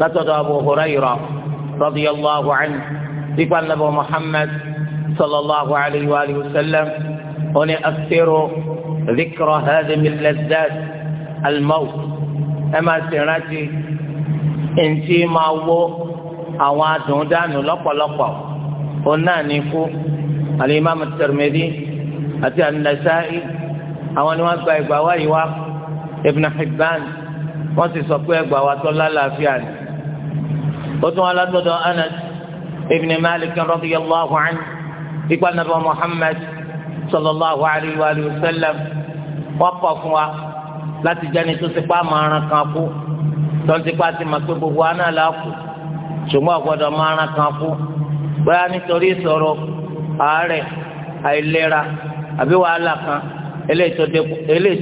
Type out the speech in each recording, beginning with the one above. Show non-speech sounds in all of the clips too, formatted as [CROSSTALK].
látọ̀dọ̀ abu hurayra radiyallahu anhu nípa nàbọ muhammad sallallahu alayhi wa sallam ó ní asiru dhikra hadhihi al-lazzat al-mawt ẹ máa ṣe rántí ntí máa wó àwọn adùn dànù lọ́pọ̀lọpọ̀ ó náà ní kú alimami tirmidhi àti an-nasa'i àwọn ni wọ́n gba ìgbà wáyé wá ibn hibban wọ́n sì sọ pé ẹgbàá wa tó lálàáfíà ni. وتو على دودو أنس ابن مالك رضي الله عنه يقول نبي محمد صلى الله عليه وآله وسلم وقفوا لا تجاني تسقى ما ركافو تنتقى تمكتب وانا لاكو ṣùgbọ́n ọ̀gbọ́dọ̀ máa ran kan kú bóyá nítorí ìṣòro àárẹ̀ àìlera àbí wàhálà kan eléyìí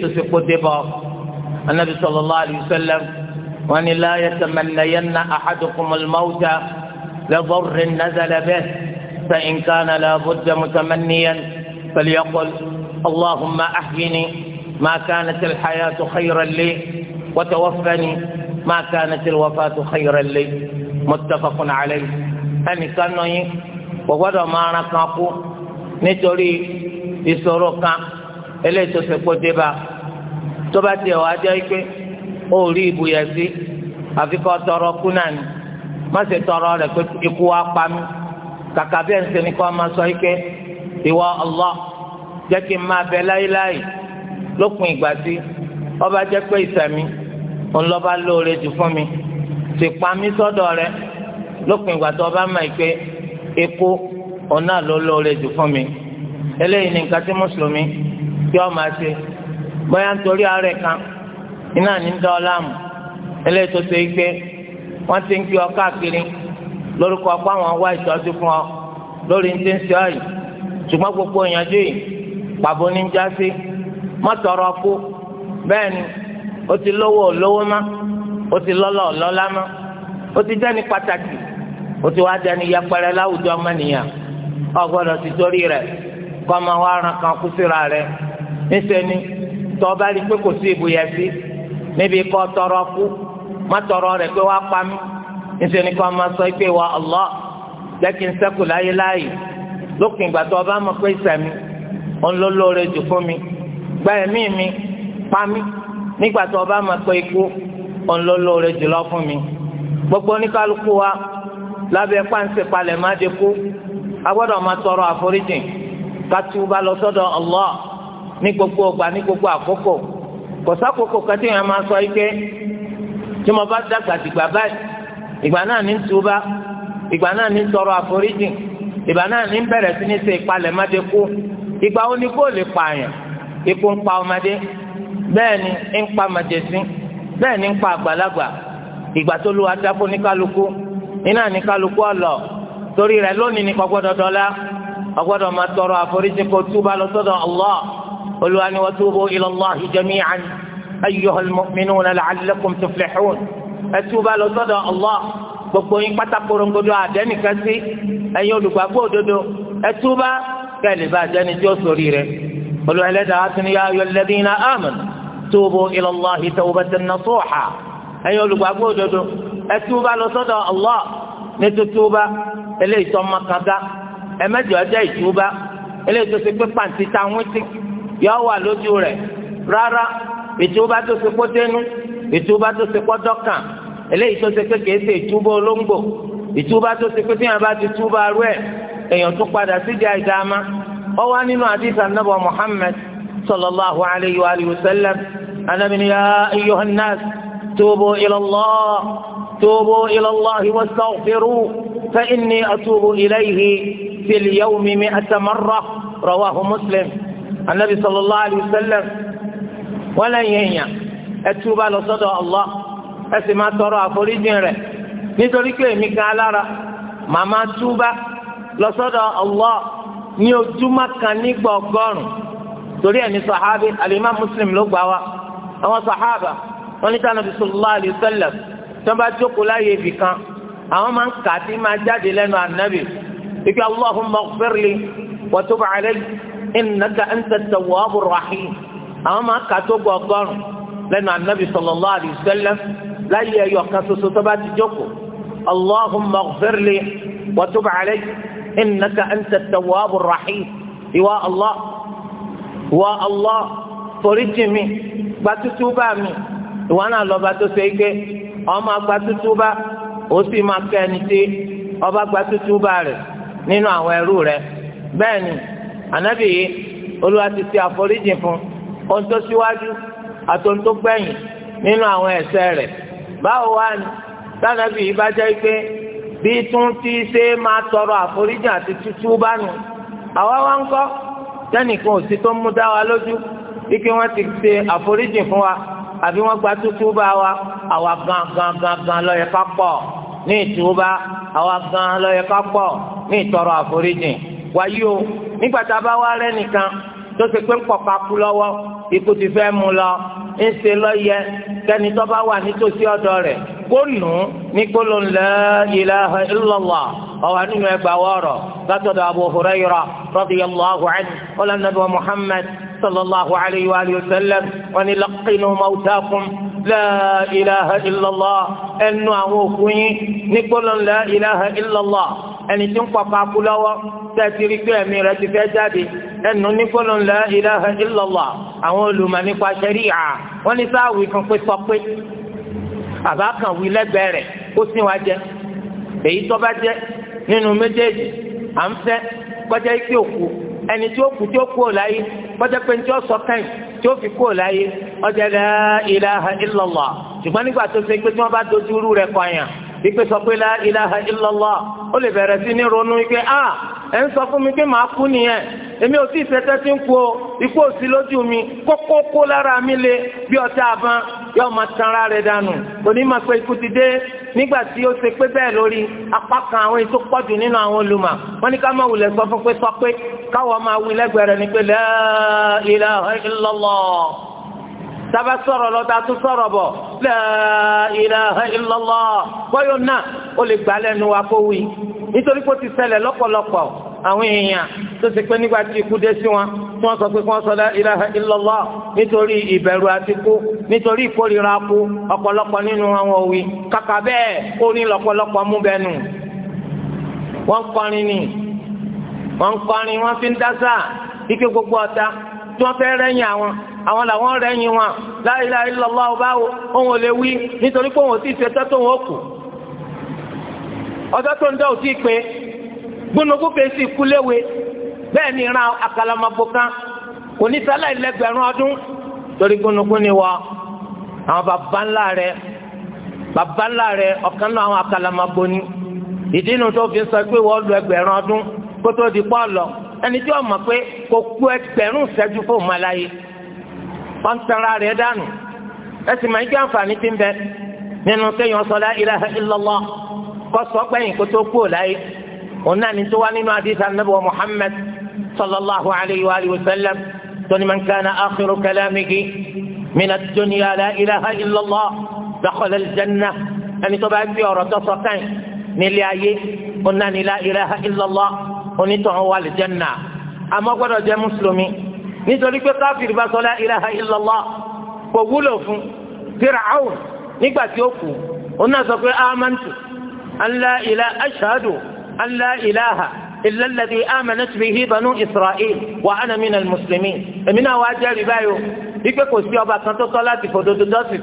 tó ti kó dé bọ́ anabi sallallahu alaihi wasallam wọ́n ní la yatamannayanna ahadukumul mawta lidarrin nazala bihi فإن كان لابد متمنيا فليقل اللهم أحيني ما كانت الحياة خيرا لي وتوفني ما كانت الوفاة خيرا لي متفق عليه ẹnìkan nù yín kò gbọ́dọ̀ máa kan kú nítorí ìṣòro kan eléyìí tó ṣe kó dé tó bá tiẹ̀ wá jẹ́ pé ó rí ibùyẹ sí àfi kọ́ tọrọ kú náà ni má ṣe tọrọ rẹ pé ikú wa pa kàkà bí ẹnìkan ike ìwọ ọlọ jẹ́ kí n máa bẹ láéláé lópin ìgbà ọba jẹ́ pé ìsẹ̀mí ńlọ́ba lóore jù fún mi sì pa mí sọ́dọ̀ igba lópin ọba máa pé ikú ọ̀nà ló lóore jù fún mi eléyìí ni nǹkan tí mùsùlùmí yóò máa ṣe bóyá nítorí kan. iná ní dá ọ láàmú eléyìí tó ṣe é tị wọ́n ti ń kí ọ káàkiri lórúkọ ọgbà wọn wá ìtọ́jú fún ọ lórí ní ti ń ṣe ọ yìí ṣùgbọ́n gbogbo ìyànjú yìí pàbó ní já sí mọ́tọ̀rọ̀ bẹ́ẹ̀ ni ó ti lówó lówó má ó ti lọ́lọ́ lọ́lá má ó ti dẹ́ni pàtàkì ó ti wá dẹ́ni yẹpẹrẹ láwùjọ ọgbọ́dọ̀ ti torí rẹ̀ kọ́ kan kú síra rẹ̀ níṣẹ́ ni bá rí níbi kọ́ tọrọ kú má tọrọ rẹ̀ pé wa pa níṣẹ́ ni kọ́ ọ sọ pé wà Allah jẹ́ n sẹ́kù láyé láàyè ìgbà tó o mọ̀ pé ìsẹ̀mí òun ló lóore mi gba ẹ̀mí mi pa nígbà tó o mọ̀ pé ikú lóore jù lọ fún mi gbogbo oníkálukú wa lábẹ́ pàǹsẹ̀ tọrọ ká lọ sọ́dọ̀ ní gbogbo ọgbà kọ̀sákòókò kan tí yẹn máa sọ ike pé tí mo bá dàgbà dìgbà báyìí ìgbà náà ní túbá ìgbà náà ní tọrọ àforíjì ìgbà náà ní sí ní kú ìgbà pààyàn ikú ń pa ọmọdé bẹ́ẹ̀ ni ń pa màjèsín bẹ́ẹ̀ ni ń pa àgbàlagbà ìgbà tó lu adáko tọrọ àforíjì kó túbá lọ olúwa ni wa tubu ila Allahi jami'an ayyuhal mu'minuna la'allakum tuflihun ẹ túbà lọ sọ́dọ̀ Allah gbogbo yín pátákórongodo àdẹ́nìkan sí ẹ̀yin olùgbàgbọ́ òdodo ẹ túbà kẹ́lẹ́ bá àdẹ́ni tí ó sórí rẹ̀ olúwa ẹlẹ́dàá tún ya ayyuhal ladhina amanu tubu ila Allahi tawbatan nasuha ẹ̀yin olùgbàgbọ́ òdodo ẹ túbà lọ sọ́dọ̀ Allah ní tútúbà eléyìí tó ọmọ kan dá ẹ mẹ́jọ ọjọ́ ìtúbà eléyìí tó ti pé pàǹtí táwọn ti yọ wà lójú rẹ̀ rárá ètò bá tó ṣe pọ́tẹ́nu ètò bá tó ṣe pọ́tọ́kàn eléyìí tó ṣe pé kìí ṣe ìtúbọ̀ olóńgbò ìtúbà tó ṣe pé tí yàrá bá ti túbà rú ẹ̀ èèyàn tó padà síbi àìdáàmá ọ wá nínú àdìsá nàbọ Muhammad sallallahu alayhi wa sallam anaminiya ayyuhan nas tubu ilallah tubu ilallah wastaghfiru fa inni atubu ilayhi fil yawmi mi'ata marra rawahu Muslim anabi sallallahu alayhi wa sallam wọn lẹ́yìn èèyàn ẹtú bá lọ sọ́dọ̀ Allah ẹ sì máa tọrọ àforíjì rẹ̀ nítorí pé èmi kan alára màmá túbá lọ sọ́dọ̀ Allah ní ojúmọ́ kan nígbà ọgọ́rùn torí ẹni sàhábì alimá muslim ló gbà wá àwọn sàhábà wọn ní sànàbí sallallahu alayhi wa sallam tí wọn bá jókòó láàyè ibì kan àwọn máa ń kà á sí máa jáde lẹ́nu ànábì ìgbà Allahumma ighfirli wa tub innaka anta tawwabur rahim àwọn máa kà tó gbọ ọgọ́rùn lẹ́nu anabi sallallahu alayhi wa sallam láyé ẹyọ kan ṣoṣo tó bá ti jókòó allahumma ighfirli wa tub alayya innaka anta tawwabur rahim ìwà allah ìwà allah foríjì mi gba tútúbà mi ìwà náà lọ́ba tó ṣe é gbé ọmọ agba tútúbà ó sì máa kẹ́ ẹni tí ọba gba tútúbà rẹ̀ nínú àwọn ẹrú rẹ̀ bẹ́ẹ̀ ni ànábì yìí olúwa ti ṣe àforíjì fún ohun ato síwájú àti ohun tó gbẹ̀yìn nínú báwo wá ni tànàbì yìí bá jẹ́ pé bí tún ti ṣe máa tọrọ àforíjì àti tútú bá nu àwa wá ń kọ́ sẹ́nìkan ò sí tó mú dá wa lójú bí kí wọ́n ti ṣe àforíjì fún wa àbí wọ́n gba tútú bá wa àwa gan gan gan gan ló yẹ ká pọ̀ ní ìtúbà àwa gan ló yẹ ká pọ̀ ní ìtọrọ àforíjì wàyí o nígbà tá a bá wá rẹ́ nìkan tó ṣe pé ń pọ̀pá kú lọ́wọ́ ikú ti fẹ́ mú lọ ń ṣe lọ́yẹ kẹ́ni tó bá wà nítòsí ọ̀dọ̀ rẹ̀ kó nù ú ní gbólóhùn la ilaha ọ̀wà nínú ẹgbà wọ̀rọ̀ látọ̀dọ̀ Abu Hurairah radiyallahu anhu ọ̀là nàbẹ̀ Muhammad sallallahu alayhi wa sallam wọn ni laqinu mawtakum la ilaha illallah ẹnu àwọn òkú yín ní gbólóhùn la ilaha ẹni tí ń pọkà kú lọ́wọ́ tẹ́tí rí pé ẹ̀mí rẹ̀ ti fẹ́ jáde ẹnu ní gbólóhùn la ilaha illallah àwọn olùmọ̀ nípa ṣẹ́ríà wọ́n ní sáàwì fún pé sọ pé àbá kan wí lẹ́gbẹ̀ẹ́ rẹ̀ kó sí wa jẹ èyí tó bá jẹ nínú méjèèjì à ń fẹ́ kọjá ikú òkú ẹni tí ó kú tí ó kú ò kọjá pé tí ó sọ kẹ́yìn tí ó fi kú ò ọjà la ilaha illallah ṣùgbọ́n nígbà tó ṣe pé tí wọ́n bá dojú rú rẹ̀ kọyàn ìpè sọ pé la ilaha illallah ó lè bẹ̀rẹ̀ sí ní ronú ìpè a ah, ẹ̀ ń sọ fún mi pé màá kú nìyẹn èmi ò tí ì fẹ́ tẹ́tí ń kú o ikú òsì lójú mi kókó lára mi le bí ọtá àbọn yóò máa tan ara rẹ̀ dànù òní máa pé ikú ti dé nígbà tí ó ṣe pé bẹ́ẹ̀ lórí apá kan àwọn èso pọ̀jù nínú àwọn olùmọ̀ wọ́n ní ká máa wulẹ̀ sọ fún pé sọ pé káwọn máa wí lẹ́gbẹ̀ẹ́ ní pé la ilaha illallah tába sọ̀rọ̀ lọ tá a tún sọ̀rọ̀ bọ̀ la ilaha illallah bọ́yọ̀ náà ó lè gbà lẹ́nu wa kó wí nítorí pé ó ti ṣẹlẹ̀ lọ́pọ̀lọpọ̀ àwọn èèyàn tó ti pé nígbà tí ikú dé sí wọn tí wọ́n sọ pé kí wọ́n sọ la ilaha illallah nítorí ìbẹ̀rù àti kú nítorí ìkórìíra kú ọ̀pọ̀lọpọ̀ nínú àwọn òwe kàkà bẹ́ẹ̀ ó ní lọ́pọ̀lọpọ̀ mú bẹ́nu wọ́n kọrin ni wọ́n kọrin wọ́n fi ń dá ike gbogbo ọ̀tá tí wọ́n fẹ́ rẹ́yìn àwọn àwọn làwọn rẹ́yìn wọn la ilaha illallah báwo òun ò lè wí nítorí pé òun ò tí ì ṣe tọ́tò òun ò kù ọjọ́ tó ń dá òtí pé gbónúkúkè sí kúléwe bẹ́ẹ̀ ni ìran àkàlàmàgbò kan kò ní sálà ìlẹ́gbẹ̀rún ọdún torí gbónúkú ni wọ àwọn bàbá ńlá rẹ bàbá ńlá rẹ ọ̀kan náà àwọn àkàlàmàgbò ni ìdí inú tó fi sọ pé wọ́n lu ẹgbẹ̀rún ọdún kó tó di pọ́ọ̀lọ́ ẹni tí wọ́n mọ̀ pé kò kú ẹgbẹ̀rún ìṣẹ́jú fóun máa láyé wọ́n ń tẹ̀ra rẹ̀ dànù ẹ sì máa ń gbé àǹfààní tí ń bẹ nínú kéèyàn sọ la ilaha illallah kó sọ pẹ́yìn kó tó kú òláyé òun náà ní tó wá nínú àdìsá nàbẹ̀wò Muhammad sallallahu alayhi wa alihi wa sallam tóní man kana akhiru kalamihi min ad-dunya la ilaha illallah dakhala al ẹni tó bá gbé ọ̀rọ̀ tó sọ káyìn nílé ayé òun náà ní la ilaha onítọ̀hún wà lè jẹ́nà àmọ́ gbọ́dọ̀ jẹ́ mùsùlùmí nítorí pé káfíìrì bá sọ la ilaha illallah kò wúlò fún Fir'aun nígbà tí ó kù òun náà sọ pé amantu an la ilaha ashhadu an la ilaha illa alladhi amanat bihi banu isra'il wa ana minal muslimin èmi náà wá jẹ́rìí báyò wípé kò sí ọba kan tó tọ́ láti fòdodo dọ́sìn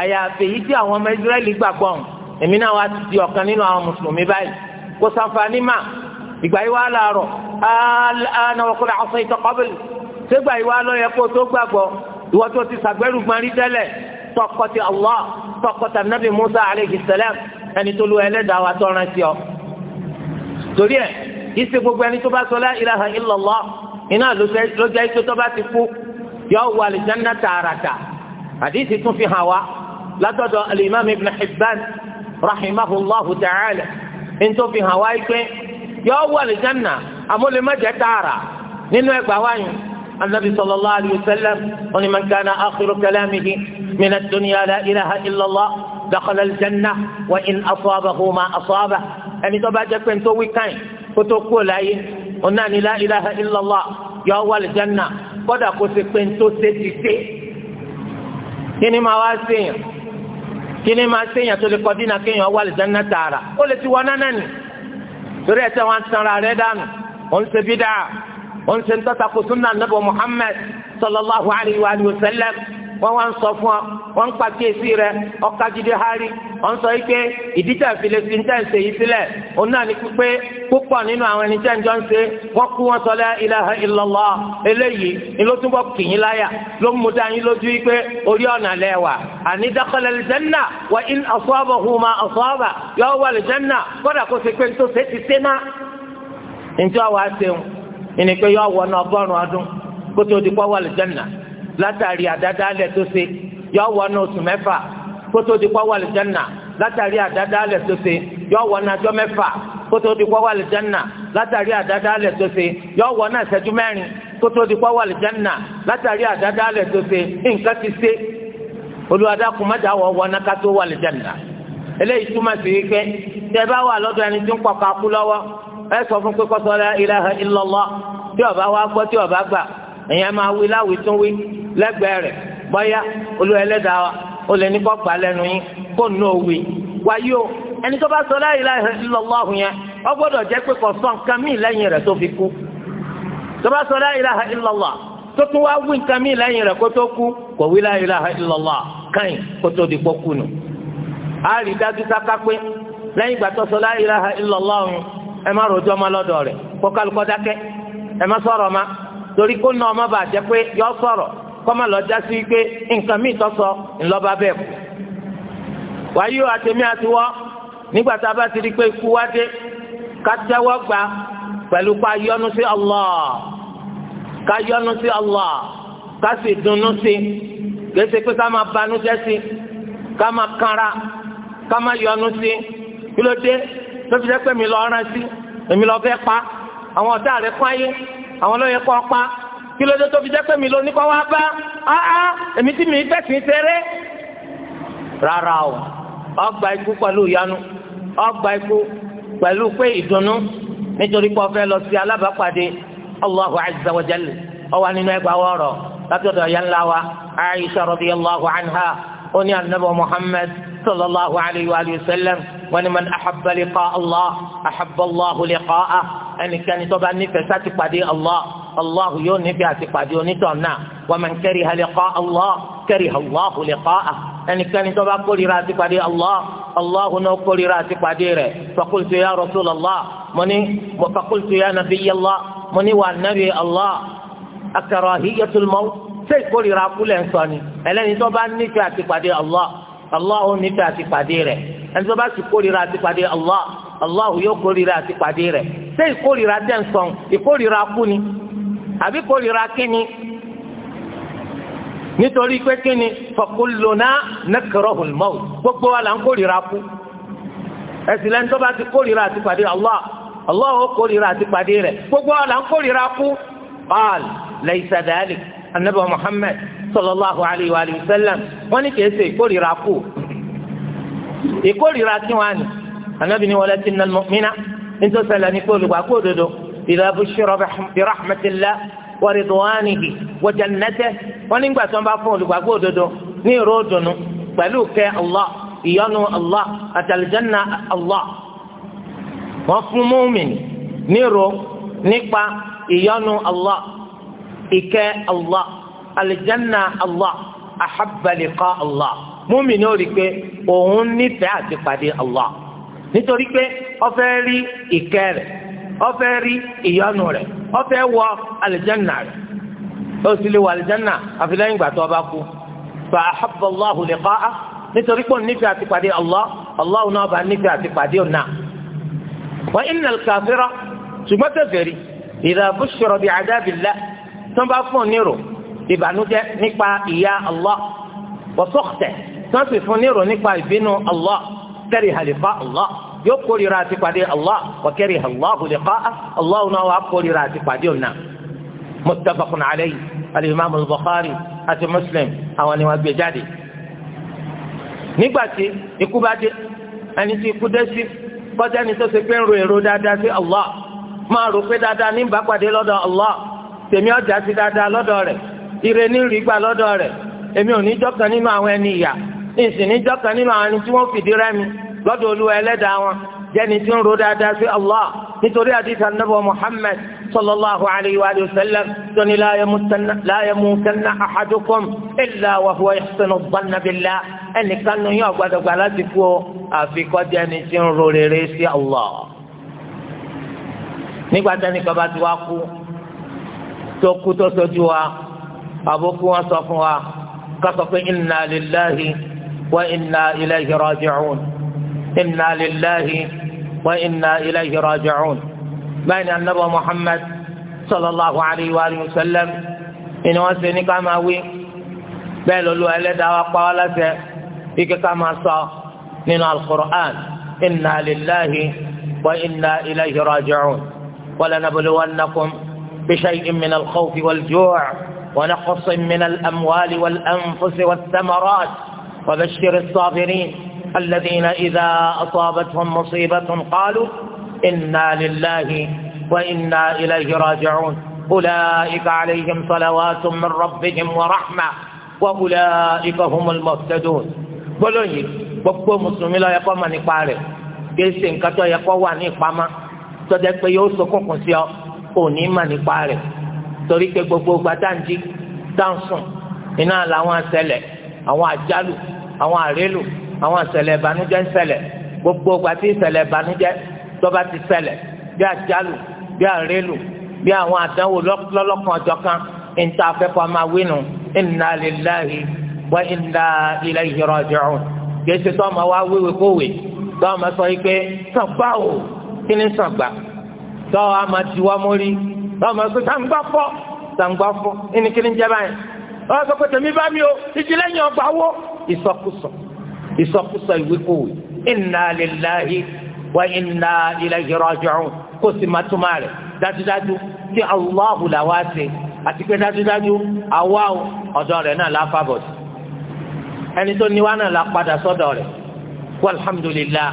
àyàfi èyí tí àwọn ọmọ israẹli gbàgbọ́ èmi náà wá ti di ọ̀kan nínú àwọn mùsùlùmí báyìí kò sàǹfààní máa ìgbà yìí wá láàárọ̀ àánà ọkùnrin àṣọ ìtọ́kọ́bìlì ṣégbà yìí wá lọ́yẹ kó tó gbàgbọ́ ìwọ́n tó ti sàgbẹ́rù gbọ́nrí tẹ́lẹ̀ tọkọtì Allah tọkọtà nàbì Musa alayhi salam ẹni tó lu ẹlẹ́dàá wa tọ́ rántí ọ. torí ẹ yìí ṣe gbogbo ẹni tó bá sọ la ilaha illallah iná ló jẹ́ ikú tó bá ti kú yọ wà lìjánná tààràtà àdìsí tún fi hàn wá látọ̀dọ̀ alimami ibn Hibban rahimahullahu ta'ala ń tó fi hàn wá ikpe yọ wọ àlìjánà àmúlẹ̀mọ́jẹ tààrà nínú ẹgbàá wáyé anabi sallallahu alayhi wa sallam oní man kana akhiru kalamihi min ad-dunya la ilaha illallah dakhala aljanna wa in asabahu ma asaba ẹni tó bá jẹ́ pé nítorí wíkàn kótó kúrò láyé ọ̀nà ni la ilaha illallah yọ wọ àlìjánà kódà kó ṣe pé nítorí ṣe ti ṣe kí ni máa wá ṣèyàn kí máa ṣèyàn tó lè kọ́ dínà kéèyàn wọ àlìjánà tààrà ó lè ti wọ náà náà torí ẹ̀ tẹ́ wọn sanra rẹ̀ dànù ó ń ṣe bídà ó ń ṣe ń tọ́ta kó sunna nabi Muhammad sallallahu alayhi wa sallam wọ́n wá ń sọ fún ọ wọ́n ń pàkíyèsí rẹ ọ̀ka jíde hárí wọ́n sọ wípé ìdíjà ìfilẹ̀ sí ní tẹ̀sẹ̀ yìí sílẹ̀ òun náà ní pípé púpọ̀ nínú àwọn ẹni tẹ́ǹjọ́ ń ṣe wọ́n kú wọn sọ la ilaha eléyìí ni ló túbọ̀ kìyìn láyà ló mú dání lójú wípé orí ọ̀nà lẹ́wà àní dakhala aljanna wa in asabahu ma asaba yọ yọ wọ ọ̀nà ọgọ́rùn-ún ọdún kó tó látàrí àdádálẹ̀ tó ṣe yọ wọnú oṣù mẹ́fà kótó di kọ́ wà lìjánà látàrí àdádálẹ̀ tó ṣe yọ wọnú ọjọ́ mẹ́fà kótó di kọ́ wà lìjánà látàrí àdádálẹ̀ tó ṣe yọ wọnú ìṣẹ́jú mẹ́rin kótó di kọ́ wà lìjánà látàrí àdádálẹ̀ tó ṣe nǹkan ti ṣe olùwàdàkùnmájà wọ wọnú kátó wà lìjánà eléyìí túmọ̀ sí wípé tẹ́ bá wà lọ́dọ̀ ẹni tí ń pàpà kú lọ́wọ́ ẹ sọ fún pé kó sọ la ilaha illallah tí ó bá wá gbọ́ tí ó gbà ẹ̀yin máa wí láwìí tún wí lẹ́gbẹ̀ẹ́ rẹ̀ bọ́yá olú ẹlẹ́dàá wa ó lè ní kọ́ gbà lẹ́nu yín kó nù òwe wáyé o ẹni tó bá sọ la ilaha illallah yẹn ó gbọ́dọ̀ jẹ́ pé kò sọ nǹkan míì lẹ́yìn rẹ̀ tó fi kú tó bá sọ la ilaha illallah tó tún wá wí nǹkan míì lẹ́yìn rẹ̀ kó tó kú kò wí káyìn kó a rí dájú sáká pé torí kó nà ọmọ bàjẹ́ pé yọ sọ̀rọ̀ kọ́mọ lọ já sí pé nǹkan míì tó sọ ńlọ́ba bẹ́ẹ̀ kú. wáyé o àtẹ̀mí àtiwọ́ nígbà tá a bá ti di pé ikú wá dé ká tẹ́wọ́ gbà pẹ̀lú ká yọ́nú sí Allah ká yọ́nú sí Allah ká sì dunnú sí gbèsè pé ká máa banújẹ́ sí ká máa kanra ká máa yọ́nú sí kí ló dé tó fi jẹ́ pé mi lọ rán sí èmi lọ fẹ́ pa àwọn ọ̀tá rẹ̀ fáyé àwọn ló yẹ kó pa kí ló dé tó fi jẹ́ pé mi ló ní kó wá bá áá èmi tí mi fẹ́ sìn ṣeré rárá o ọgbà ikú pẹ̀lú ìyanu ọgbà ikú pẹ̀lú pé ìdùnnú nítorí pé ọfẹ́ lọ sí alábàápàdé Allahu azza ọwọ́ nínú ẹgbàá wọ̀ọ̀rọ̀ látọ̀dọ̀ yẹn ńlá wa Aisha radiyallahu anha أني النبي محمد صلى الله عليه وآله وسلم ومن أحب لقاء الله أحب الله لقاءه ẹnikẹ́ni tó bá nífẹ̀ẹ́ sáti pàdé Allah Allah yóò nífẹ̀ẹ́ àti pàdé onítọ̀hún náà wa man kariha liqa Allah kariha Allahu liqa'ah ẹnikẹ́ni tó bá kórìíra àti pàdé Allah Allah náà kórìíra àti pàdé rẹ̀ faqultu ya Rasulallah mo ní faqultu ya Nabiyallah mo ní wà nàbí Allah akarahiyatul maut ṣé ìkórìíra kúlẹ̀ ń ẹlẹ́ni tó bá àti pàdé Allah Allah nífẹ̀ẹ́ àti pàdé rẹ̀ ẹni sì kórìíra àti pàdé Allah Allahu yóò kórìíra àti pàdé rẹ̀ ṣé ìkórìíra dẹ̀ ń sọ̀n ìkórìíra kú ni àbí kórìíra kí ni nítorí pé kí ni fọkùnlónà nàkàrọ̀hùn mọ́wù gbogbo wa là ń kórìíra kú ẹ̀sìn lẹ́nu tó bá ti kórìíra àti pàdé Allah Allah ó kórìíra àti pàdé rẹ̀ gbogbo wa là ń kórìíra kú qaal laysa anabi Muhammad sallallahu alayhi wa sallam wọ́n ní kìí ṣe ìkórìíra kú ìkórìíra kí wọ́n á anabi ni wọlé tinna mọ́mínà nítorí sẹlẹ̀ ní kó olùgbàgbọ́ òdodo ìlà bushira bi rahmatillah wa ridwanihi wa jannatihi wọn nígbà tó ń bá fún olùgbàgbọ́ òdodo ní ìró dùnú pẹ̀lú kẹ́ allah ìyọ́nú allah àtàlìjánná allah wọn fún mọ́mìn ní ìró nípa ìyọ́nú allah ìkẹ́ allah àlìjánná allah ahabba allah mọ́mìn ní ó pé òun nífẹ̀ẹ́ àti pàdé allah nítorí pé ó fẹ́ rí ìkẹ́ rẹ̀ ó fẹ́ rí ìyọ́nú rẹ̀ ó fẹ́ wọ alìjánà rẹ̀ ó sì lè wọ alìjánà àfi lẹ́yìn ìgbà tó o bá kú fa ahabba Allahu liqa'a nítorí pé òun nífẹ̀ẹ́ àti pàdé Allah Allah náà bá nífẹ̀ẹ́ àti pàdé òun náà wa innal kafira ṣùgbọ́n kèfèrí idha bushira bi adabillah tó ń bá fún un nírò ìbànújẹ́ nípa ìyà Allah wa sukhta tó ń sì fún nírò nípa ìbínú Allah kariha liqa Allah yóò kórìíra àti pàdé Allah wa kariha Allahu liqa'ah Allah náà wà kórìíra àti pàdé ọ̀nà muttafaqun alayhi al-imam al-bukhari àti muslim àwọn ni wọ́n gbé jáde. nígbàtí ikú bá dé ẹni tí ikú dé sí kọjá ni tó ṣe pé ń ro èrò dáadáa sí Allah máa rò pé dáadáa ní ìbápàdé lọ́dọ̀ Allah tèmi ọjà sí dáadáa lọ́dọ̀ rẹ̀ ire ní rí gbà lọ́dọ̀ rẹ̀ èmi ò ní jọ́kan nínú àwọn ẹni ìyà ìsìnìjọ́ kan nínú àwọn ẹni tí wọ́n fìdí rẹ́mi lọ́dọ̀ olúwa ẹlẹ́dàá wọn jẹ́ni tí ń ro dáadáa sí allah nítorí àdìsá nàbọ̀ muhammed sallallahu alayhi wa sallam tóní láyẹ̀mú kanna àhàdùkọ́m ilà wàhùwà ìṣẹ̀nù bánnabilá ẹnìkan nù yín ọ̀gbàdàgbà láti kú ọ àfikọ́ jẹ́ni tí ń ro rere sí allah. nígbà tẹ́ni bàbá tí wàá kú tó kú tó sojú wa àbókù wọn sọ fún wa ká sọ inna lillahi. وإنا إليه راجعون إنا لله وإنا إليه راجعون بين النبي محمد صلى الله عليه وآله وسلم إن وسني كما وي بل لو وقال وقالت فيك كما صار من القرآن إنا لله وإنا إليه راجعون ولنبلونكم بشيء من الخوف والجوع ونقص من الأموال والأنفس والثمرات وبشر الصابرين الذين إذا أصابتهم مصيبة قالوا إنا لله وإنا إليه راجعون أولئك عليهم صلوات من ربهم ورحمة وأولئك هم المهتدون بلوني gbogbo mùsùlùmí lọ yẹ kó mọ̀ nípa rẹ̀ kéésì nǹkan tó yẹ kó wà ní ìpamọ́ tọjá pé yóò sokùnkùn sí ọ kò ní mọ̀ nípa rẹ̀ torí pé gbogbo gbàtàǹjì dáhùn sùn iná làwọn àṣẹlẹ̀ àwọn àjálù àwọn àrélù àwọn àṣẹlẹ̀ ìbànújẹ́ ń ṣẹlẹ̀ gbogbo ìgbà tí ìṣẹlẹ̀ ìbànújẹ́ tó bá ti ṣẹlẹ̀ bí àjálù bí àrélù bí àwọn àdánwò lọ́lọ́kan ọjọ́kan níta afẹ́kọ̀ọ́ máa wínú inna lillahi wa inna ilayhi raji'un gbèsè tó ọmọ wa wéwèé kówèé tó ọmọ sọ yìí pé sọgbà o kí ni sọgbà tó ọmọ tiwọ́ mórí tó ọmọ sọ sàǹgbà fọ́ sàǹgbà fọ́ ẹni kí ni jẹ́ báyìí ọ sọ pé tèmi bá mi o ìjì lẹ́yìn ọgbà wo ìsọkúsọ ìsọkúsọ ìwékòwé inna lillahi wa inna ilayhi raji'un kó sì máa túmọ̀ rẹ̀ dájúdájú tí Allahu làwa ṣe àti pé dájúdájú àwa ọ̀dọ̀ rẹ̀ náà láfàbọ̀ sí ẹni tó níwá náà la padà sọ́dọ̀ rẹ̀ walhamdulillah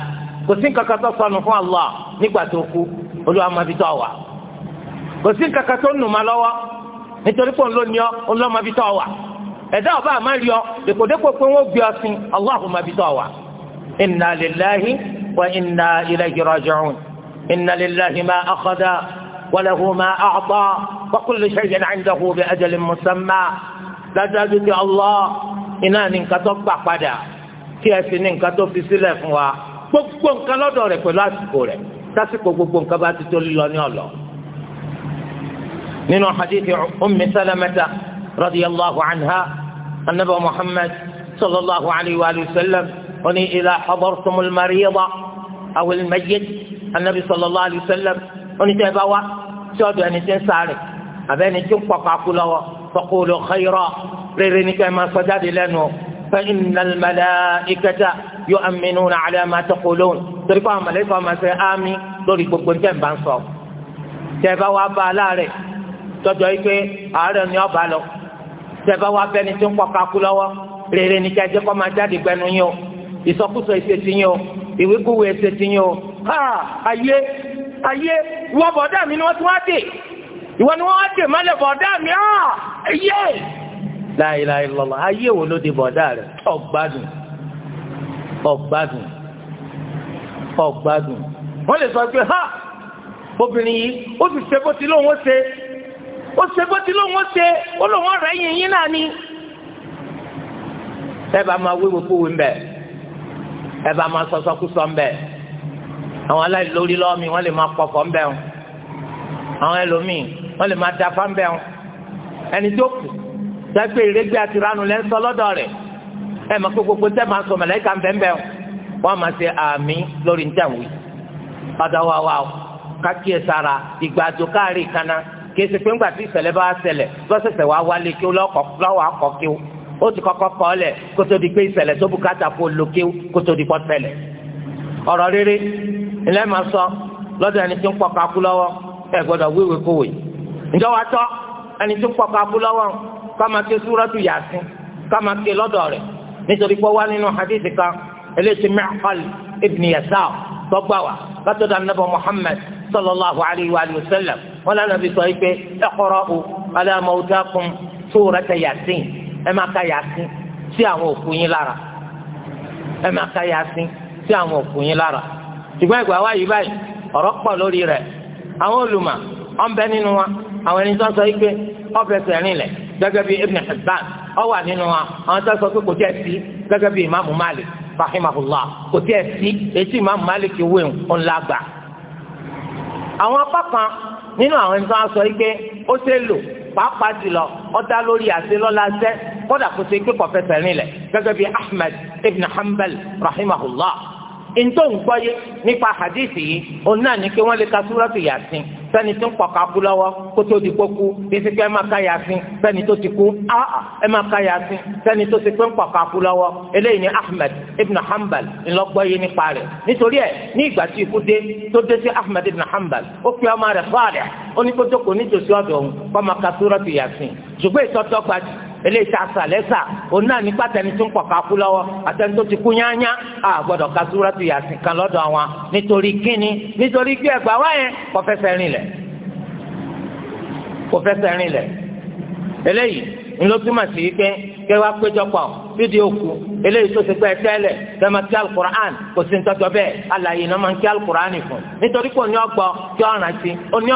kò sí kankan tó sọnù fún Allah nígbà tó kú olúwa máa fi tọ́ wa kò sí kankan tó nù lọ́wọ́ nítorí pé ńlọ ni ọ ńlọ máa fi tọ́ ọ wà ẹ̀dá ọba àmà rí ọ dèkòdèkò pé wọ́n gbé ọ sí Allahu máa fi tọ́ ọ wà. inna lillahi wa inna ilayhi raji'un inna lillahi ma akhadha wa lahu ma a'ta wa kullu shay'in 'indahu bi ajalin musamma dájú ti Allah iná ní nǹkan tó gbà padà tí ẹ sì ní nǹkan tó fi sílẹ̀ fún wa gbogbo nǹkan lọ́dọ̀ rẹ̀ pẹ̀lú àsìkò rẹ̀ tásìkò gbogbo nǹkan bá ti tó lílọ ní ọ̀lọ́ من حديث أم سلمة رضي الله عنها النبي محمد صلى الله عليه وآله وسلم وني إذا حضرتم المريضة أو الميت النبي صلى الله عليه وسلم وني تبوا شاد أن تنسارك أبين تنفق عقلوا فقولوا خيرا ريرنك ما صداد لأنه فإن الملائكة يؤمنون على ما تقولون تريكوا ملائكة ما سيآمي دوري بقبن تنبان صوت تبوا بالاري tọjọ yìí pé àárẹ̀ ni ọba lọ tẹfẹ wa bẹni tí ń kọ kakú lọ́wọ́ rere ni kẹjẹ kọ máa jáde gbẹnu yín o ìsọkúsọ ìṣètì yín o ìwékúwé ìṣètì yín o ha ayé ayé ìwọ bọ̀dá mi ni wọ́n ti wá dé ìwọ ni wọ́n wá dé mọ́lẹ̀ bọ̀dá mi ha ayé láìláì lọ́lọ́ ayé wo ló di bọ̀dá rẹ̀ ọ̀gbádùn ọ̀gbádùn ọ̀gbádùn wọ́n lè sọ pé ha obìnrin yìí ó sì ṣe bó ti lóun ó ṣe ó ṣe bó ti lóun ó ṣe ó lóun ọ̀rẹ́ yìnyín yín náà ni. ẹ bá máa wéwo kówó ń bẹ ẹ bá máa sọsọ kú sọ ń bẹ àwọn aláìlórí lọ́ọ̀mì wọ́n lè máa pọ̀fọ̀ ń bẹ wọn àwọn ẹlòmíì wọ́n lè máa dafa ń bẹ wọn ẹni tó kù sẹ́gbẹ́ ìrẹ́gbẹ́ àti ranu lẹ́ ń sọ lọ́dọ̀ rẹ̀ ẹ máa kó gbogbo sẹ́ máa sọ mẹ̀lẹ́kà ń bẹ ń bẹ wọn wọ́n máa ṣe àmì lórí ń tẹ̀wé padà wá wá kákíyèsára ìgbàdo káàrí kaná kì í ṣe pé ńgbà tí ìṣẹ̀lẹ̀ bá ṣẹlẹ̀ lọ́sẹ̀sẹ̀ wá wálé kí ó lọ́wọ́ akọ kí ó ó ti kọ́kọ́ kọ́ ọ lẹ̀ kó tó di pé ìṣẹ̀lẹ̀ tó bùkátà kó lo kí ó kó tó di pọ́ ṣẹlẹ̀ ọ̀rọ̀ rere ilẹ̀ máa sọ lọ́dọ̀ ẹni tí ń pọ̀ kakú lọ́wọ́ ẹ gbọ́dọ̀ wíwèé kówè ǹjọ́ wa tọ́ ẹni tí ń pọ̀ kakú lọ́wọ́ kama ke suratu yasin kama ke lọ́dọ̀ rẹ̀ nítorí pé wá nínú hadith kan eléyìí ti Mi'qal ibn Yasar tọgbà wa látọ̀dọ̀ anabi Muhammad sallallahu alayhi wa sallam wọn lànà bí sọ pé iqra'u ala mawtakum surata yasin ẹ máa ka yasin sí àwọn òkú yín lára ẹ máa ka yasin sí àwọn òkú yín lára ṣùgbọ́n ìgbà wa yìí báyìí ọ̀rọ̀ pọ̀ lórí rẹ̀ àwọn olùmọ̀ ọ̀nbẹ nínú wa àwọn ẹni tó sọ pé ọ̀fẹ́sẹ̀ rìn lẹ̀ gẹ́gẹ́ bí ibn Hibban ó wà nínú wa àwọn tó sọ pé kò tẹ́ sí gẹ́gẹ́ bí ìmáàmù Malik rahimahullah kò tẹ́ sí etí ìmáàmù Malik wíwọ̀n ńlá gbà àwọn apá kan nínú àwọn ẹni tó ń sọ pé ó ṣe lò pàápàá jùlọ ọ̀dà lórí àṣelọ́lá ṣẹ́ kódà kó ṣe pé kọ̀fẹ́ sẹ́rin lẹ̀ gẹ́gẹ́ bí Ahmad ibn Hanbal rahimahullah ntọ́ ń gbọ́yé nípa hadithi yìí òun náà ní kí wọ́n lè ka súrọ́tù yàsín sẹ́ni tó ń pọ̀ka kú lọ́wọ́ kó tó di kókú bísí pé ẹ máa ka yàsín sẹ́ni tó ti kú áà ẹ máa ka yàsín sẹ́ni tó ti pé ń kú lọ́wọ́ eléyìí ni ahmed ibn hanbal ńlọgbọ́yé nípa rẹ̀ nítorí ẹ̀ ní ìgbà tí ikú dé tó dé sí ahmed ibn hanbal ó pe ọmọ rẹ̀ fáàrẹ̀ ó ní kó jókòó nítòsí ọ̀dọ̀ òun kó máa ka súrọ́tù yàsín ṣùgbọ́n ìtọ́tọ́ gbajú eléyìí tá a sà lẹ́sà òun náà nípa tẹni tó ń pọ̀ kakú lọ́wọ́ àtẹni tó ti kú yányá a gbọ́dọ̀ ka súrátù yàsìn kan lọ́dọ̀ àwọn nítorí kíni nítorí gbé ẹgbàá wáyẹn kò fẹsẹ̀ rìn lẹ̀ kò fẹsẹ̀ rìn lẹ̀ eléyìí ńlọ túmọ̀ sí pé kẹ́ wá péjọpọ̀ fídíò kù eléyìí tó ti pẹ́ tẹ́lẹ̀ tẹ́lẹ̀ máa kí alukur'an kò sí ntọ́jọ́ bẹ́ẹ̀ alayi náà máa ń kí alukur'an fún nítorí pé oní tí ọ̀ràn sí oní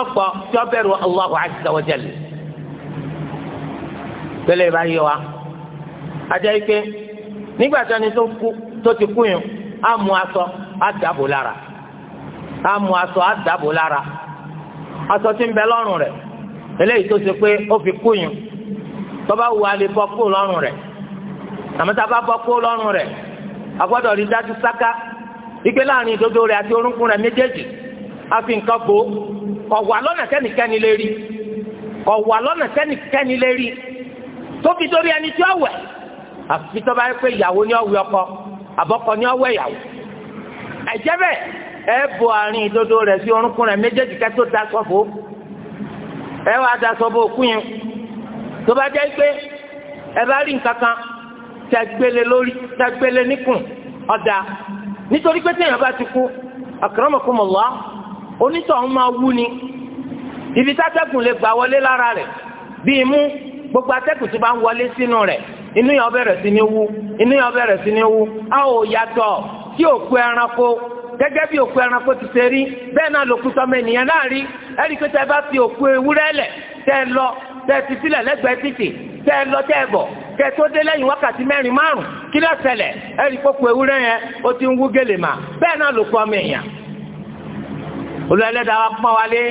tí ọ bẹ̀rù Allahu azza wa jalla tẹ́lẹ̀ bá yé wa ajá ike nígbà tí tó ti kú yẹn á mú aṣọ á dàbò lára á mú aṣọ á dàbò lára aṣọ ń bẹ lọ́rùn rẹ̀ eléyìí tó ṣe pé ó fi kú yẹn tọ́ba wù alẹ́ bọ́ kó lọ́rùn rẹ̀ bá bọ́ lọ́rùn rẹ̀ agbọ́dọ̀ ike láàrin ìdodo àti méjèèjì a fi nǹkan bò ó lọ́nà tó fi ẹni tí ó wẹ̀ àfi tó bá yẹ pé ìyàwó ni ó wẹ̀ ọkọ àbọ̀kọ ni ó wẹ̀ ìyàwó. ẹ̀jẹ̀ bẹ́ẹ̀ ẹ bo àárín ìdodo rẹ̀ sí orúnkún rẹ̀ méjèèjì kẹ́ tó da sọ́fò ẹ wá da sọ́fò òkú yẹn tó bá jẹ́ pé ẹ bá rí nǹkan kan tẹ gbélé lórí tẹ gbélé níkùn ọ̀dà nítorí pé téèyàn bá ti kú akramakumullah onítọ̀hún máa wú ni ibi tátẹ́gùn lè gbà gbogbo atẹ́kùn tó bá ń wọlé sínú rẹ̀ inú yẹn bẹ̀rẹ̀ sí ní wú inú yẹn bẹ̀rẹ̀ sí ní wú a ò yàtọ̀ tí òkú ẹranko gẹ́gẹ́ bí òkú ẹranko ti ṣe rí bẹ́ẹ̀ náà lòkú sọmọ ènìyàn náà rí ẹ̀rí pé tẹ́ bá fi òkú ewúrẹ́ lẹ̀ tẹ́ lọ tẹ́ fi sílẹ̀ lẹ́gbẹ̀ẹ́ títì tẹ́ lọ tẹ́ bọ̀ tẹ́ tó dé lẹ́yìn wákàtí mẹ́rin márùn kí ló ṣẹlẹ̀ ẹ̀rí pé ewúrẹ́ yẹn ó ti ń wú gèlè mà bẹ́ẹ̀ náà lòkú ọmọ èèyàn olùwẹ̀lẹ́dàá wa pọ́n wálé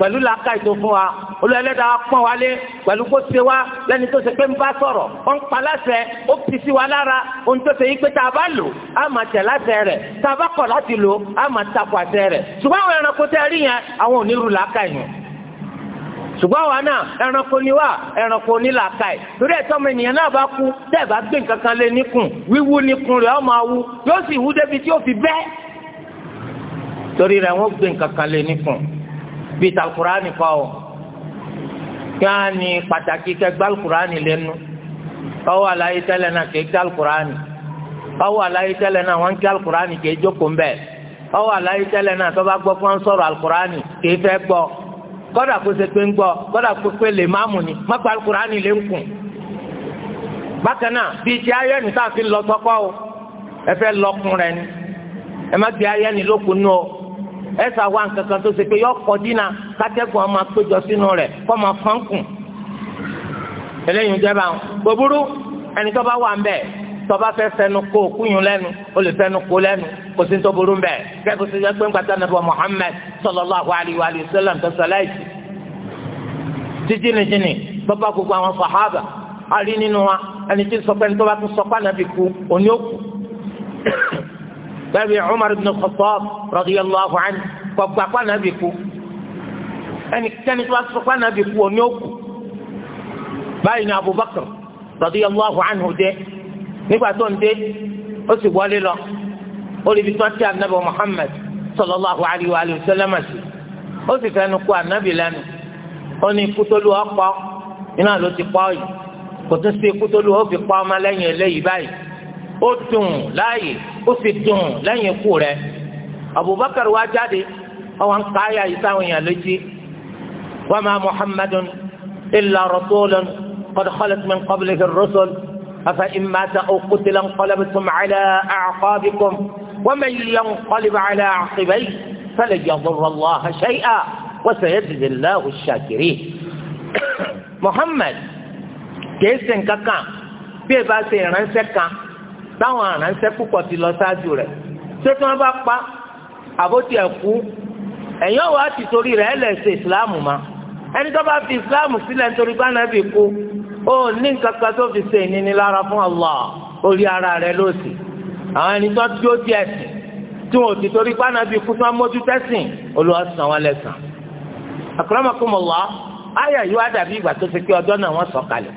pẹ̀lú làákàyè fún wa olùwẹ̀lẹ́dàá pọ̀ wálé pẹ̀lú kó ṣe wá lẹ́ni tó ṣe pé ń bá sọ̀rọ̀ ó ń pa láṣẹ ó fi sí wa lára ohun tó ṣe yí pé tá a bá lò á máa tẹ̀ láṣẹ rẹ̀ tá a bá kọ̀ láti lò á máa takò àṣẹ rẹ̀ ṣùgbọ́n àwọn ẹranko tẹ́ rí yẹn àwọn onírú làákà yẹn ṣùgbọ́n àwa náà ẹranko ni wá ẹranko onílàákà yìí torí ẹ̀tọ́ ọmọ ènìyàn náà bá kú tẹ́ ẹ̀ bá gbé nǹkan kan lé níkùn wíwú níkùn rẹ̀ nìkan o kíá ni pàtàkì kẹ gbàlùkùránì lẹ́nu ọwọ́ àlàyé tẹ́lẹ̀ náà kẹ gbàlùkùránì ọwọ́ àlàyé tẹ́lẹ̀ náà wọ́n kí alùkùránì kẹ jókòó mbẹ́ ọwọ́ àlàyé tẹ́lẹ̀ náà tọ́ba gbọ́ fún sọ̀rọ̀ alùkùránì kẹ fẹ́ gbọ́ kọ́dà kó ṣe ń gbọ́ kọ́dà kó pé lè má mú ni má pa alùkùránì lè ń kùn. bákan náà bíi ti ayẹ́nu tá a lọ sọ́kọ́ o ẹ fẹ́ lọ́kùn ẹ má gbé ayẹ́nu lókun nù ẹ sà wá nǹkan kan tó ṣe pé yọ kọ dínà kátẹ́gùn ọmọ péjọ sínú rẹ̀ kọ́ máa fọ́n kùn eléyìí jẹ́ báwọn gbogbo ẹni tó bá wà ń bẹ̀ tó bá fẹ́ fẹnu kó kúnyùn lẹ́nu ó lè fẹnu kó lẹ́nu kò sí tó burú bẹ́ẹ̀ kẹ́kọ̀ọ́ sí pé ńgbàtà nàbọ̀ Muhammad sallallahu alayhi wa sallam tó sọlá ìsì jíjìnìjìnì bàbá gbogbo àwọn sàhábà a rí nínú wa ẹni tí sọ pé ní tó bá tún kú òní ó kú bẹ́ẹ̀ Umar ibn Khattab radiyallahu anhu gbogbo apá nàbì kú ẹnikẹ́ni tó bá sọ pé nàbì kú òní ó kú báyìí ni Abubakar radiyallahu anhu dé nígbà tó ń dé ó sì wọlé lọ ó lè fi tọ́tí anabi Muhammad sallallahu alayhi wa sallam sí ó sì fẹ́nu kú anabi lẹ́nu ó ní kútólú ọ̀pọ̀ iná ló ti pọ̀ yìí kò tún sí kútólú ó fi pọ̀ ọmọ lẹ́yìn eléyìí báyìí ó dùn láàyè ó sì dùn lẹ́yìn ikú rẹ̀ Abubakar wá jáde ọwọ́n káyà yìí sáwọn èèyàn létí wa ma Muhammadun illa rasulun qad khalat min qablihi ar-rusul afa in mata aw qutila inqalabtum ala a'qabikum wa man yanqalib ala 'aqibayhi falan yadurra Allaha shay'an wa sayajzi Allahu ash-shakirin [COUGHS] Muhammad kìí ṣe nǹkan kan bí ẹ bá ṣe kan. táwọn àránṣẹ́ púpọ̀ ti lọ ṣáájú rẹ̀ ṣé tí wọ́n bá pa àbótí ẹ̀ kú ẹ̀yìn ọ̀wọ́ torí rẹ̀ ma ẹni tó bá fi ìsìláàmù sílẹ̀ nítorí bánà bì kú ó ní nǹkan tó fi ṣe ìnínilára fún Allah orí ara rẹ̀ lóòsì ẹni di ẹ̀sìn tí wọn ò ti torí kú tí san yóò dàbí ìgbà tó ṣe ọjọ́ náà wọ́n kalẹ̀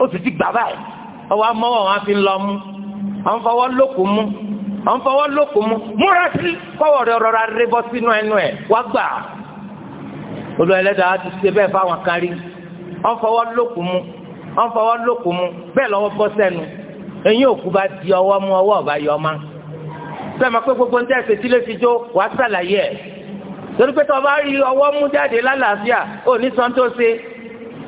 ó sì ti gbà báyìí ọwọ́ amọ́wọ́ wọn á fi ń lọ mú àwọn fọwọ́ lókun mú àwọn fọwọ́ lókun mú múra sí kọ́wọ́ rẹ rọra rẹ bọ́ sínú ẹnu ẹ̀ wá gbà olú ẹlẹ́dàá ti ṣe bẹ́ẹ̀ fáwọn kárí wọ́n fọwọ́ lókun mú wọ́n fọwọ́ lókun mú bẹ́ẹ̀ lọ́wọ́ bọ́ sẹ́nu eyín òkú bá di ọwọ́ mú ọwọ́ ọ̀bá yọ ọmọ sẹ́mi pé gbogbo ń tẹ́sí tí fi jó wàá sàlàyé ẹ̀ torí pé tó o bá rí ọwọ́ mú jáde lálàáfíà ò ní sọ́ńtó ṣe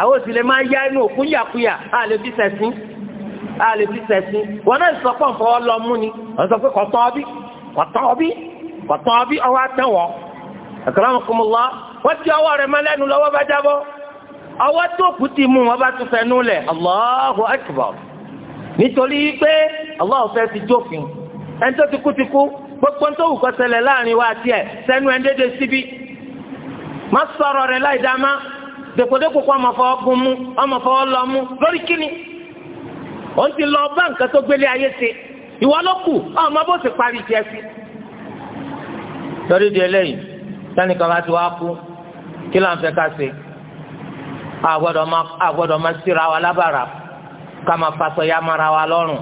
àwọn òsì lè máa yá inú òkú yàkuyà á lè fi sẹ̀sìn á lè fi sẹ̀sìn wọn náà sọ pọ̀ nfọwọ́ lọ mú ni wọn sọ pé kọ̀tọ́ ọbí kọ̀tọ́ ọbí kọ̀tọ́ ọbí ọwọ́ àtẹ̀wọ̀ akramakumullah wọ́n ti ọwọ́ rẹ̀ mọ́lẹ́nu lọ́wọ́ bá jábọ́ ọwọ́ tó kù ti mú wọn bá tún fẹnu lẹ̀ Allahu akbar nítorí pé Allahu fẹ́ ti jófin ẹni tó ti kú ti kú gbogbo tó wù kó láàrin wa tiẹ̀ sẹ́nu ẹ̀ ń dédé síbi má sọ̀rọ̀ rẹ̀ láì dá má dèkòdèkò kó ọmọ fọwọ́ gun mú ọmọ fọwọ́ lọ mú lórí kíni ó ti lọ bá nǹkan tó gbélé ayé ṣe ìwọ ló kù ọmọ bó ti parí tiẹ̀ sí. torí di eléyìí sẹ́nìkan bá ti wá kú kí ló ń fẹ́ ká ṣe àgbọ̀dọ̀ máa síra wa lábàrà ká máa fasọ ya mara wa lọ́rùn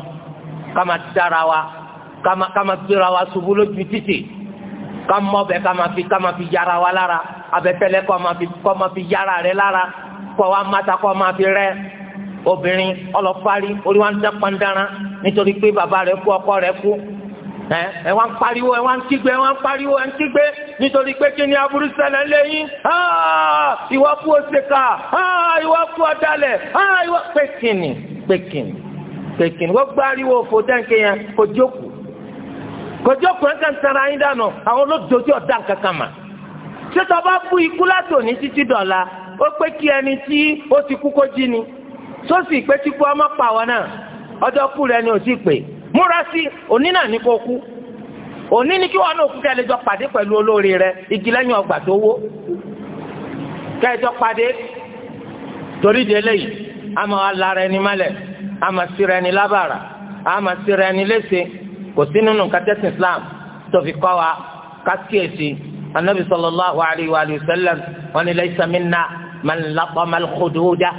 ká máa dára wa ká máa gbéra wa ṣubú lójú títì ká mọ́ bẹ́ẹ̀ ká máa fi yára wa lára abẹ́fẹ́lẹ́ kọ́ máa fi kọ́ máa fi yára rẹ lára kọ́ wa máta kọ́ máa fi rẹ obìnrin ọlọ́parí orí wa ń dán pandára nítorí pé bàbá rẹ kú ọkọ rẹ kú ẹ ẹ wá ń pariwo ẹ wá ń kígbe ẹ wá ń pariwo ẹ ń kígbe nítorí pé kí ni aburú ṣẹlẹ̀ lẹ́yìn ìwọ kú òṣèkà ìwọ kú ọ̀dàlẹ̀ ìwọ pé kìnnì pé kìnnì pé kìnnì òfò dáńkẹ́ yẹn kò jókòó kò jókòó ẹ̀ kàn sara yín dànù àwọn olódojú ọ̀dà kankan mà. ṣé tó bá bú ikú látòní títí dọ̀la ó pé kí ẹni tí ó ti kú kó jí ni tó sì pé tí kú ọmọ pa wọn náà ọjọ́ kú rẹ ni ò sì pè múra sí òní náà ní kó kú òní kí wọn náà kú rẹ igi lẹ́yìn ọgbà tó wó kẹjọ pàdé torí de eléyìí àmọ́ ẹni mọ́lẹ̀ àmọ́ síra ẹni lábàrà àmọ́ ẹni léṣe kò sí nínú Islam tó fi kọ́ wa النبي صلى الله عليه وآله وسلم ni ليس منا من latama al-khududa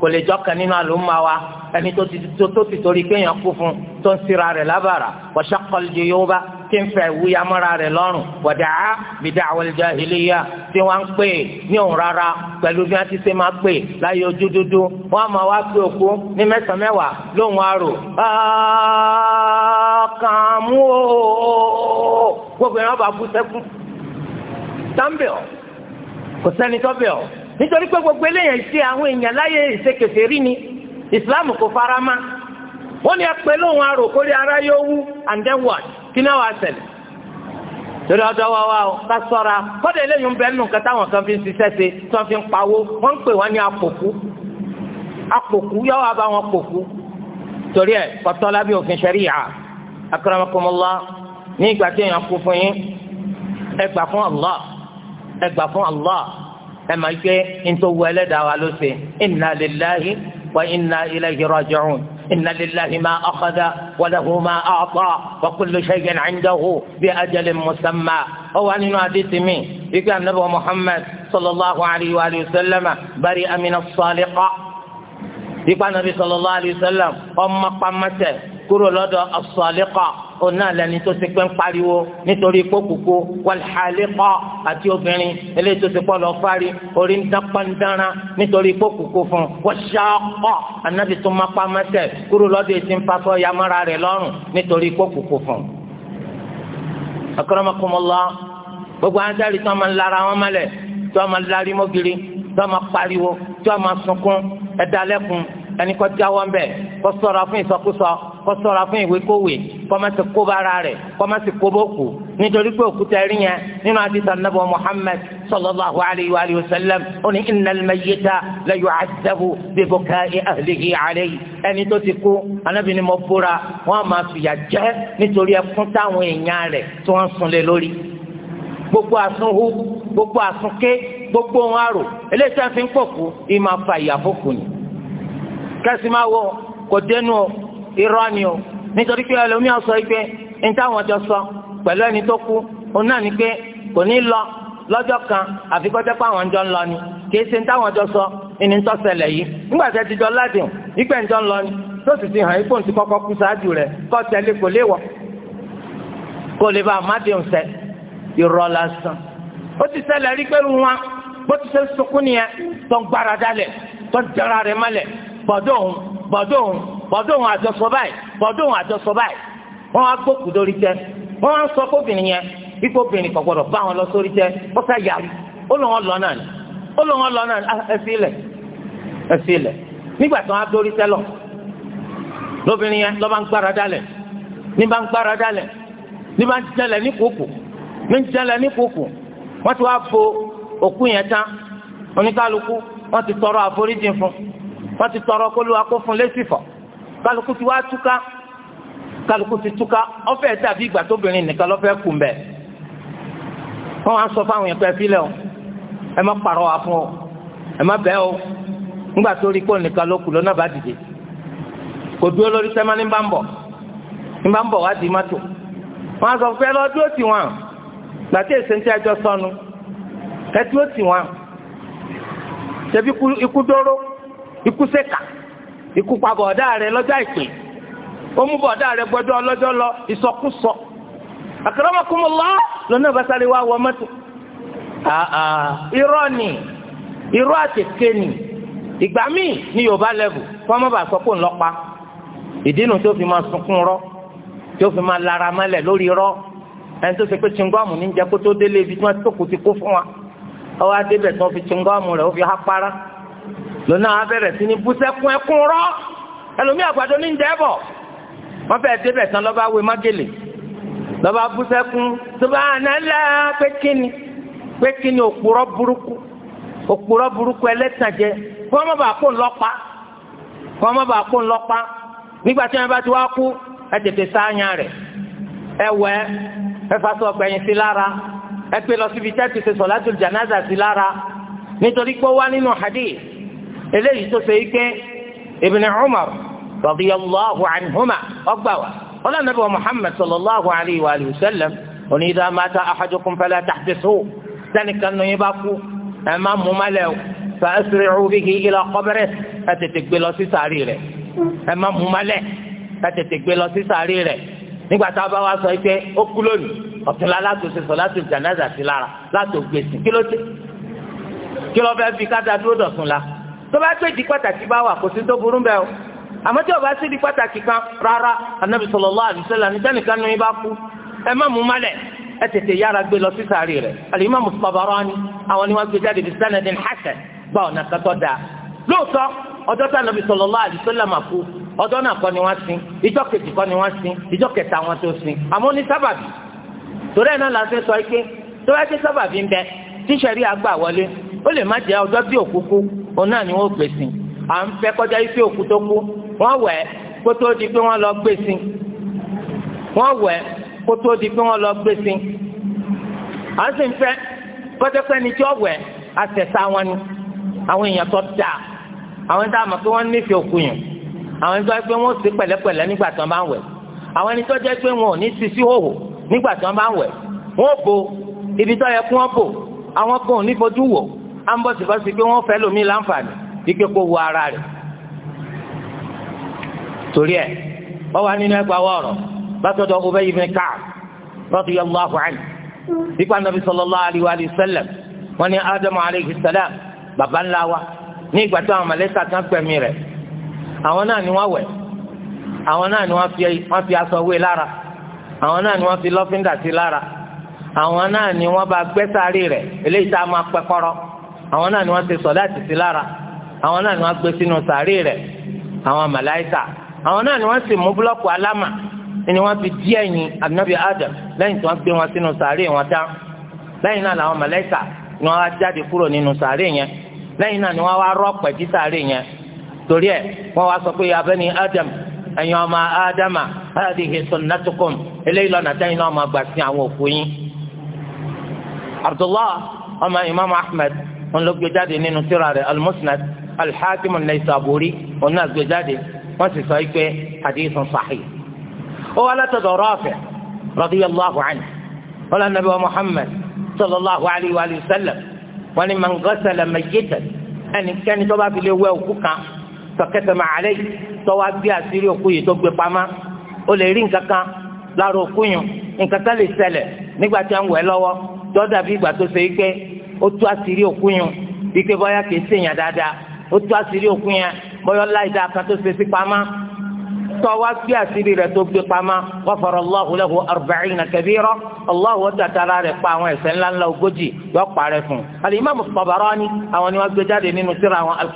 kò lè jọ kan nínú àlùmọ́ wa ẹni tó ti tó ti torí kéèyàn kú fún tó ń sira rẹ̀ lábàrà wa shaqqa al-juyuba tí ń fẹ́ wúyàmọ́ra rẹ̀ lọ́rùn wa da'a bi da'wa al-jahiliyya tí wọ́n ń pè ní òun rárá pẹ̀lú bí wọ́n ti ṣe máa pè láyé ojú dúdú wọ́n á máa wá pé òkú ní mẹ́sàn-án mẹ́wàá lóhùn arò kàmú gbogbo ìran bá bú sẹ́kù tàǹbẹ̀ ọ̀ kò sẹ́ni tó bẹ̀ ọ̀ nítorí pé gbogbo eléyàn ṣe àwọn èèyàn láyé ìṣekèsè rí ni Islam kò fara mọ́ wọ́n ní apẹ̀ lóhun arò kórí ara yóò wú and then what kí náà wàá ṣẹlẹ̀ torí ọjọ́ wa wa ká sọ́ra kọ́dà eléyìí ń bẹ nù kẹta àwọn kan fi ń ṣiṣẹ́ ṣe tí wọ́n fi ń pawó wọ́n ń pè wọ́n ní apòkú apòkú yọ wá bá wọn pòkú torí ẹ̀ kọ́tọ́ lábẹ́ òfin ṣẹ̀ríyà akramakumullah ní ìgbà tí èèyàn kú fún yín ẹ fún Allah ẹ gbà fún Allah ẹ máa gbé ntòwú ẹlẹ́dàá wa ló ṣe inna lillahi wa inna ilayhi raji'un. إن لله ما أخذ وله ما أعطى وكل شيء عنده بأجل مسمى أو أن حديث مين يقول النبي محمد صلى الله عليه وآله وسلم برئ من الصالقة يقول النبي صلى الله عليه وسلم أم قمته kúrò lọ́dọ̀ as-saliqa ọ̀nà lẹni tó ti pẹ́ ń pariwo nítorí kókòkò wal-haliqa àti obìnrin eléyìí tó ti pọ̀ lọ fárí orí ń dápọ́ndára nítorí kókòkò fún wash-shaqa anábì tó má pamẹ́sẹ̀ kúrò lọ́dọ̀ ètí ń pakọ́ yamara rẹ̀ lọ́rùn nítorí kókòkò fún. akramakumullah gbogbo anjali tó ma lara wọn mọ́lẹ̀ tó ma larí mọ́giri tó ma pariwo tó ma sunkún ẹ̀dálẹ́kùn ẹni kọ́ jáwọ́ ń bẹ̀ kọ́ sọ́ra fún ìsọkúsọ kọ́ sọ́ra fún ìwékòwé kọ́ má ti kó bára rẹ̀ kọ́ má ti kó bókù nítorí pé òkúta ẹ̀rí yẹn nínú àdìsá nàbọ̀ Muhammad sallallahu alayhi wa alihi wa sallam ó ní innal mayyita la yu'adhabu bi buka'i ahlihi alayhi ẹni tó ti kú anábì ni mo búra wọ́n máa fìyà jẹ nítorí ẹkún táwọn èèyàn rẹ̀ tí wọ́n ń sunlé lórí gbogbo àsunhu gbogbo àsunké gbogbo ohun àrò eléyìí tí wọ́n fi ń pọ̀ kú ìmọ̀ àfàyà fòkùn yìí kẹ́sì máa wọ kò dénú o irọ́ ni o nítorí pé ẹlòmíràn sọ pé ní táwọn jọ sọ pẹ̀lú ẹni tó kú òun náà ni pé kò ní lọ lọ́jọ́ kan àfi kọ́jọ́ pé àwọn jọ ń lọ ni kìí ṣe ní táwọn jọ sọ ìní tó ṣẹlẹ̀ yìí nígbà tí a ti jọ ládìhùn ìgbẹ́ ń jọ ń lọ ni tó sì ti hàn ipò ti kọ́kọ́ kú sáájú rẹ̀ kọ́ tẹ̀lé kò lè wọ̀ kò lè bá àmádìhùn sẹ́ lásán ó ti ṣẹlẹ̀ rí pẹ́rù wọn bó ti ṣe sunkún nìyẹn tó ń gbára dálẹ̀ tó ń jẹra rẹ̀ mọ́lẹ̀ bọ̀dún bọ̀dún bọ̀dún àjọsọ báyìí bọ̀dún àjọsọ báyìí wọ́n á gbókù lórí tẹ́ wọ́n sọ fóbìnrin yẹn ipò obìnrin kò gbọdọ̀ bá wọn lọ sórí tẹ́ ó sá yàrá ó lọ́ wọn lọ náà ni ó lọ́ wọn lọ náà ni ah, ẹsẹ̀ ilẹ̀ ẹsẹ̀ ilẹ̀ nígbà tí wọ́n á dórí tẹ́ lóbìnrin yẹn lọ́ bá ń gbára dálẹ̀ ní bá ń gbára dálẹ̀ ní bá ń jẹlẹ̀ ní kókò ní jẹlẹ̀ ní kókò wọ́n ti wá fo òkú yẹn tán oníkálukú wọ́n ti tọrọ àforíjì wọ́n ti tọrọ kó lóa kó fún lẹ́sì fọ̀ kálukú ti wá túká kálukú ti túká ọ̀fẹ́ dàbí ìgbà tóbìnrin nìkan lọ́fẹ́ kù mbẹ́ wọ́n wá ń sọ fáwọn yẹn pẹ́ fílẹ̀ o ẹ má pàrọ̀ wá fún o ẹ má bẹ́ o ńgbà tó rí kó nìkan ló kù lọ́nà bá dìde kò dúró lórí sẹ́mọ́ ní bá ń bọ̀ ní bá ń bọ̀ wá di mọ́tò wọ́n á sọ fún ẹ lọ dúró tì wọ́n gbàtí èsì ń tí ẹjọ́ sọnù ẹ dúró tì wọ́n ṣebí ikú dóró ikú ṣèkà ikú pa bọ̀dá rẹ lọ́jọ́ àìpé ó mú bọ̀dá rẹ gbọ́jọ́ ọlọ́jọ́ lọ ìsọkúsọ àkàràmọ́kùnmọ́lá lọ́nà ìbásáré wa wọ mọ́tò irọ́ ni irọ́ àtẹ̀kẹ́ ni ìgbà míì ní yorùbá lẹ́bù kọ́ mọ́ bá sọ pé ńlọ́pa ìdínú tó fi máa sunkún rọ́ tó fi máa lara mọ́lẹ̀ lórí rọ́ ẹni tó ṣe pé chingọ́ọ̀mù ní kó tó délé ibi tí wọ́n ti kó ti kó fún wa ọwọ́ adébẹ̀ tí fi chingọ́ọ̀mù rẹ̀ ó fi há para lọ́nà á bẹ̀rẹ̀ sí ní búsẹ́kún ẹkún rọ́ ẹlòmí àgbàdo ní ìjẹ́ bọ̀ wọ́n fẹ́ẹ́ débẹ̀ tán lọ́ba wé mágèlè lọ́ba búsẹ́kún tó bá àná ńlá pé kíni pé kíni òpùrọ́ burúkú òpùrọ́ burúkú ẹlẹ́tàjẹ kó wọ́n má bàa kó ńlọ́pa kó wọ́n má bàa kó ńlọ́pa nígbà tí wọ́n bá ti wá kú ẹ tètè sáyà rẹ̀ ẹ wẹ̀ ẹ fasọ̀ gbẹ̀yìn sí lára ẹ pé lọ síbi tẹ́tù ṣe sọ̀látù jánásà sí eléyìí tó ṣe ike ibn umar radiyallahu anhuma ọgbà wa ọlọ́run nàbẹ̀ wa muhammad sallallahu alayhi wa sallam oní idha mata ahadukum fala tahbisuhu sẹ́nìkan nìyí bá kú ẹ̀ má mú má lẹ́wọ̀ fa asri'u bihi ila qabrihi ẹ̀ tètè gbé lọ sí sàárì rẹ̀ ẹ̀ má mú má lẹ́ ẹ̀ tètè gbé lọ sí sàárì rẹ̀ nígbà tá a bá wa sọ pé ó kú lónìí ọ̀túnla láti ṣe sọ láti jànáza sí lára láti ògbèsì kí ló dé kí ló fẹ́ fi káta dúró dọ̀tún la tó bá pé ìdí pàtàkì bá wà kò sí tó burú bẹ́ẹ̀ o àmọ́ tí o bá sí ìdí pàtàkì kan rárá anabi sallallahu alaihi wasallam ní sẹ́nìkan ní bá kú ẹ má mú malẹ̀ ẹ tètè yára gbé lọ sí sàárì rẹ̀ al-Imam Tabarani àwọn ni wọ́n gbé jáde bisanadin hasan gba ọ̀nà kẹtọ́ da lóòótọ́ ọjọ́ tí anabi sallallahu alaihi wasallam máa kú ọjọ́ náà kọ́ ni wọ́n sin ìjọ kejì kọ́ ni wọ́n sin ìjọ la fẹ́ sọ ike tó tí sẹ̀rí àgbà wọlé ó lè má jẹ́ ọjọ́ bí òkú òun náà ni wọ́n gbé sí à ń fẹ́ kọjá ife òkú tó kú wọ́n wẹ̀ kó tó di pé wọ́n lọ gbé sí wọ́n wẹ̀ kó tó di pé wọ́n lọ gbé sí à ń sì ń fẹ́ kọ́tẹ́pẹ́ ni tí ó wẹ̀ wọn ni àwọn èèyàn tó dáa àwọn tá a mọ̀ pé wọ́n nífẹ̀ẹ́ òkú yẹn àwọn ẹni tó jẹ́ pé wọ́n sí pẹ̀lẹ́pẹ̀lẹ́ nígbà tí wọ́n bá ń wẹ̀ àwọn ẹni tó jẹ́ pé wọn ò ní sisi hòhò nígbà tí wọ́n bá ń wẹ̀ wọ́n bo ibi tó yẹ kí wọ́n bò àwọn kan ò ní fojú wò á ń bọ̀ síbá sí pé wọ́n fẹ́ lómi láǹfààní kó wo ara rẹ̀ torí ẹ̀ wọ́n wá nínú ẹgbàá wọ̀ọ̀rọ̀ látọ̀dọ̀ Ubay ibn Ka'b radiyallahu anhu ipa nabi alayhi wa sallam wọ́n ní Ádámù alayhi baba ńlá wa ní ìgbà tó àwọn kan rẹ̀ àwọn náà ni wọ́n wẹ̀ àwọn náà ni wọ́n fi aṣọ wé lára àwọn náà ni wọ́n fi àwọn náà ni wọ́n bá gbẹ́ sáré rẹ̀ eléyìí tá a máa pẹ́ kọ́rọ́ àwọn náà ni wọ́n ti sọ̀dá títí lára àwọn náà ni wọ́n gbé sínú sáré rẹ̀ àwọn màláìkà àwọn náà ni wọ́n sì mú búlọ́ọ̀kù alámà ni wọ́n fi díẹ̀ yin anabi adam lẹ́yìn tí wọ́n gbé wọn sínú sáré wọn dán lẹ́yìn náà làwọn màláìkà ni wọ́n wá jáde kúrò nínú sáré yẹn lẹ́yìn náà ni wọ́n wá rọ́pẹ̀ jí sáré yẹn torí ẹ̀ wọ́n wá sọ pé abẹ́ni adam ẹ̀yin ọmọ adama hadihi sunnatukum eléyìí lọ́nà tẹ́yìn náà máa gbà sí abdullah ọmọ imam ahmed wọn ló gbé jáde nínú tírà rẹ̀ almusnad alḥakim an-naysaburi wọn náà gbé jáde wọn sì sọ pé hadithun sahih. ó wà látọ̀dọ̀ Rafi' radiyallahu anhu wọn lọ nàbẹ wa muhammad sallallahu alayhi wa sallam wọn ni man ghasala mayyitan ẹnikẹ́ni tó bá fi lè wẹ̀ òkú kan fakatama alayhi tó wá gbé àṣírí òkú yìí tó gbé pamọ́ ó lè rí nǹkan kan lára òkú yìí nǹkan kan lè ṣẹlẹ̀ nígbà tí wọn wẹ̀ lọ́wọ́ tọ́jà bí ìgbà tó ṣe é pé ó tú àṣírí òkú yun wípé bọ́yá kìí ṣèyàn dáadáa ó tú àṣírí òkú yẹn bọ́yá láì dáa kan tó ṣe sí pamá tọ́ wá sí àṣírí rẹ̀ tó gbé pamá ghafara Allahu lahu arba'ina kabira Allahu tàtàrà rẹ̀ pa àwọn ẹ̀ṣẹ̀ ńláńlá ogójì yọ parẹ́ fún un. al-Imam Tabarani àwọn ni wọ́n gbé jáde nínú síra àwọn al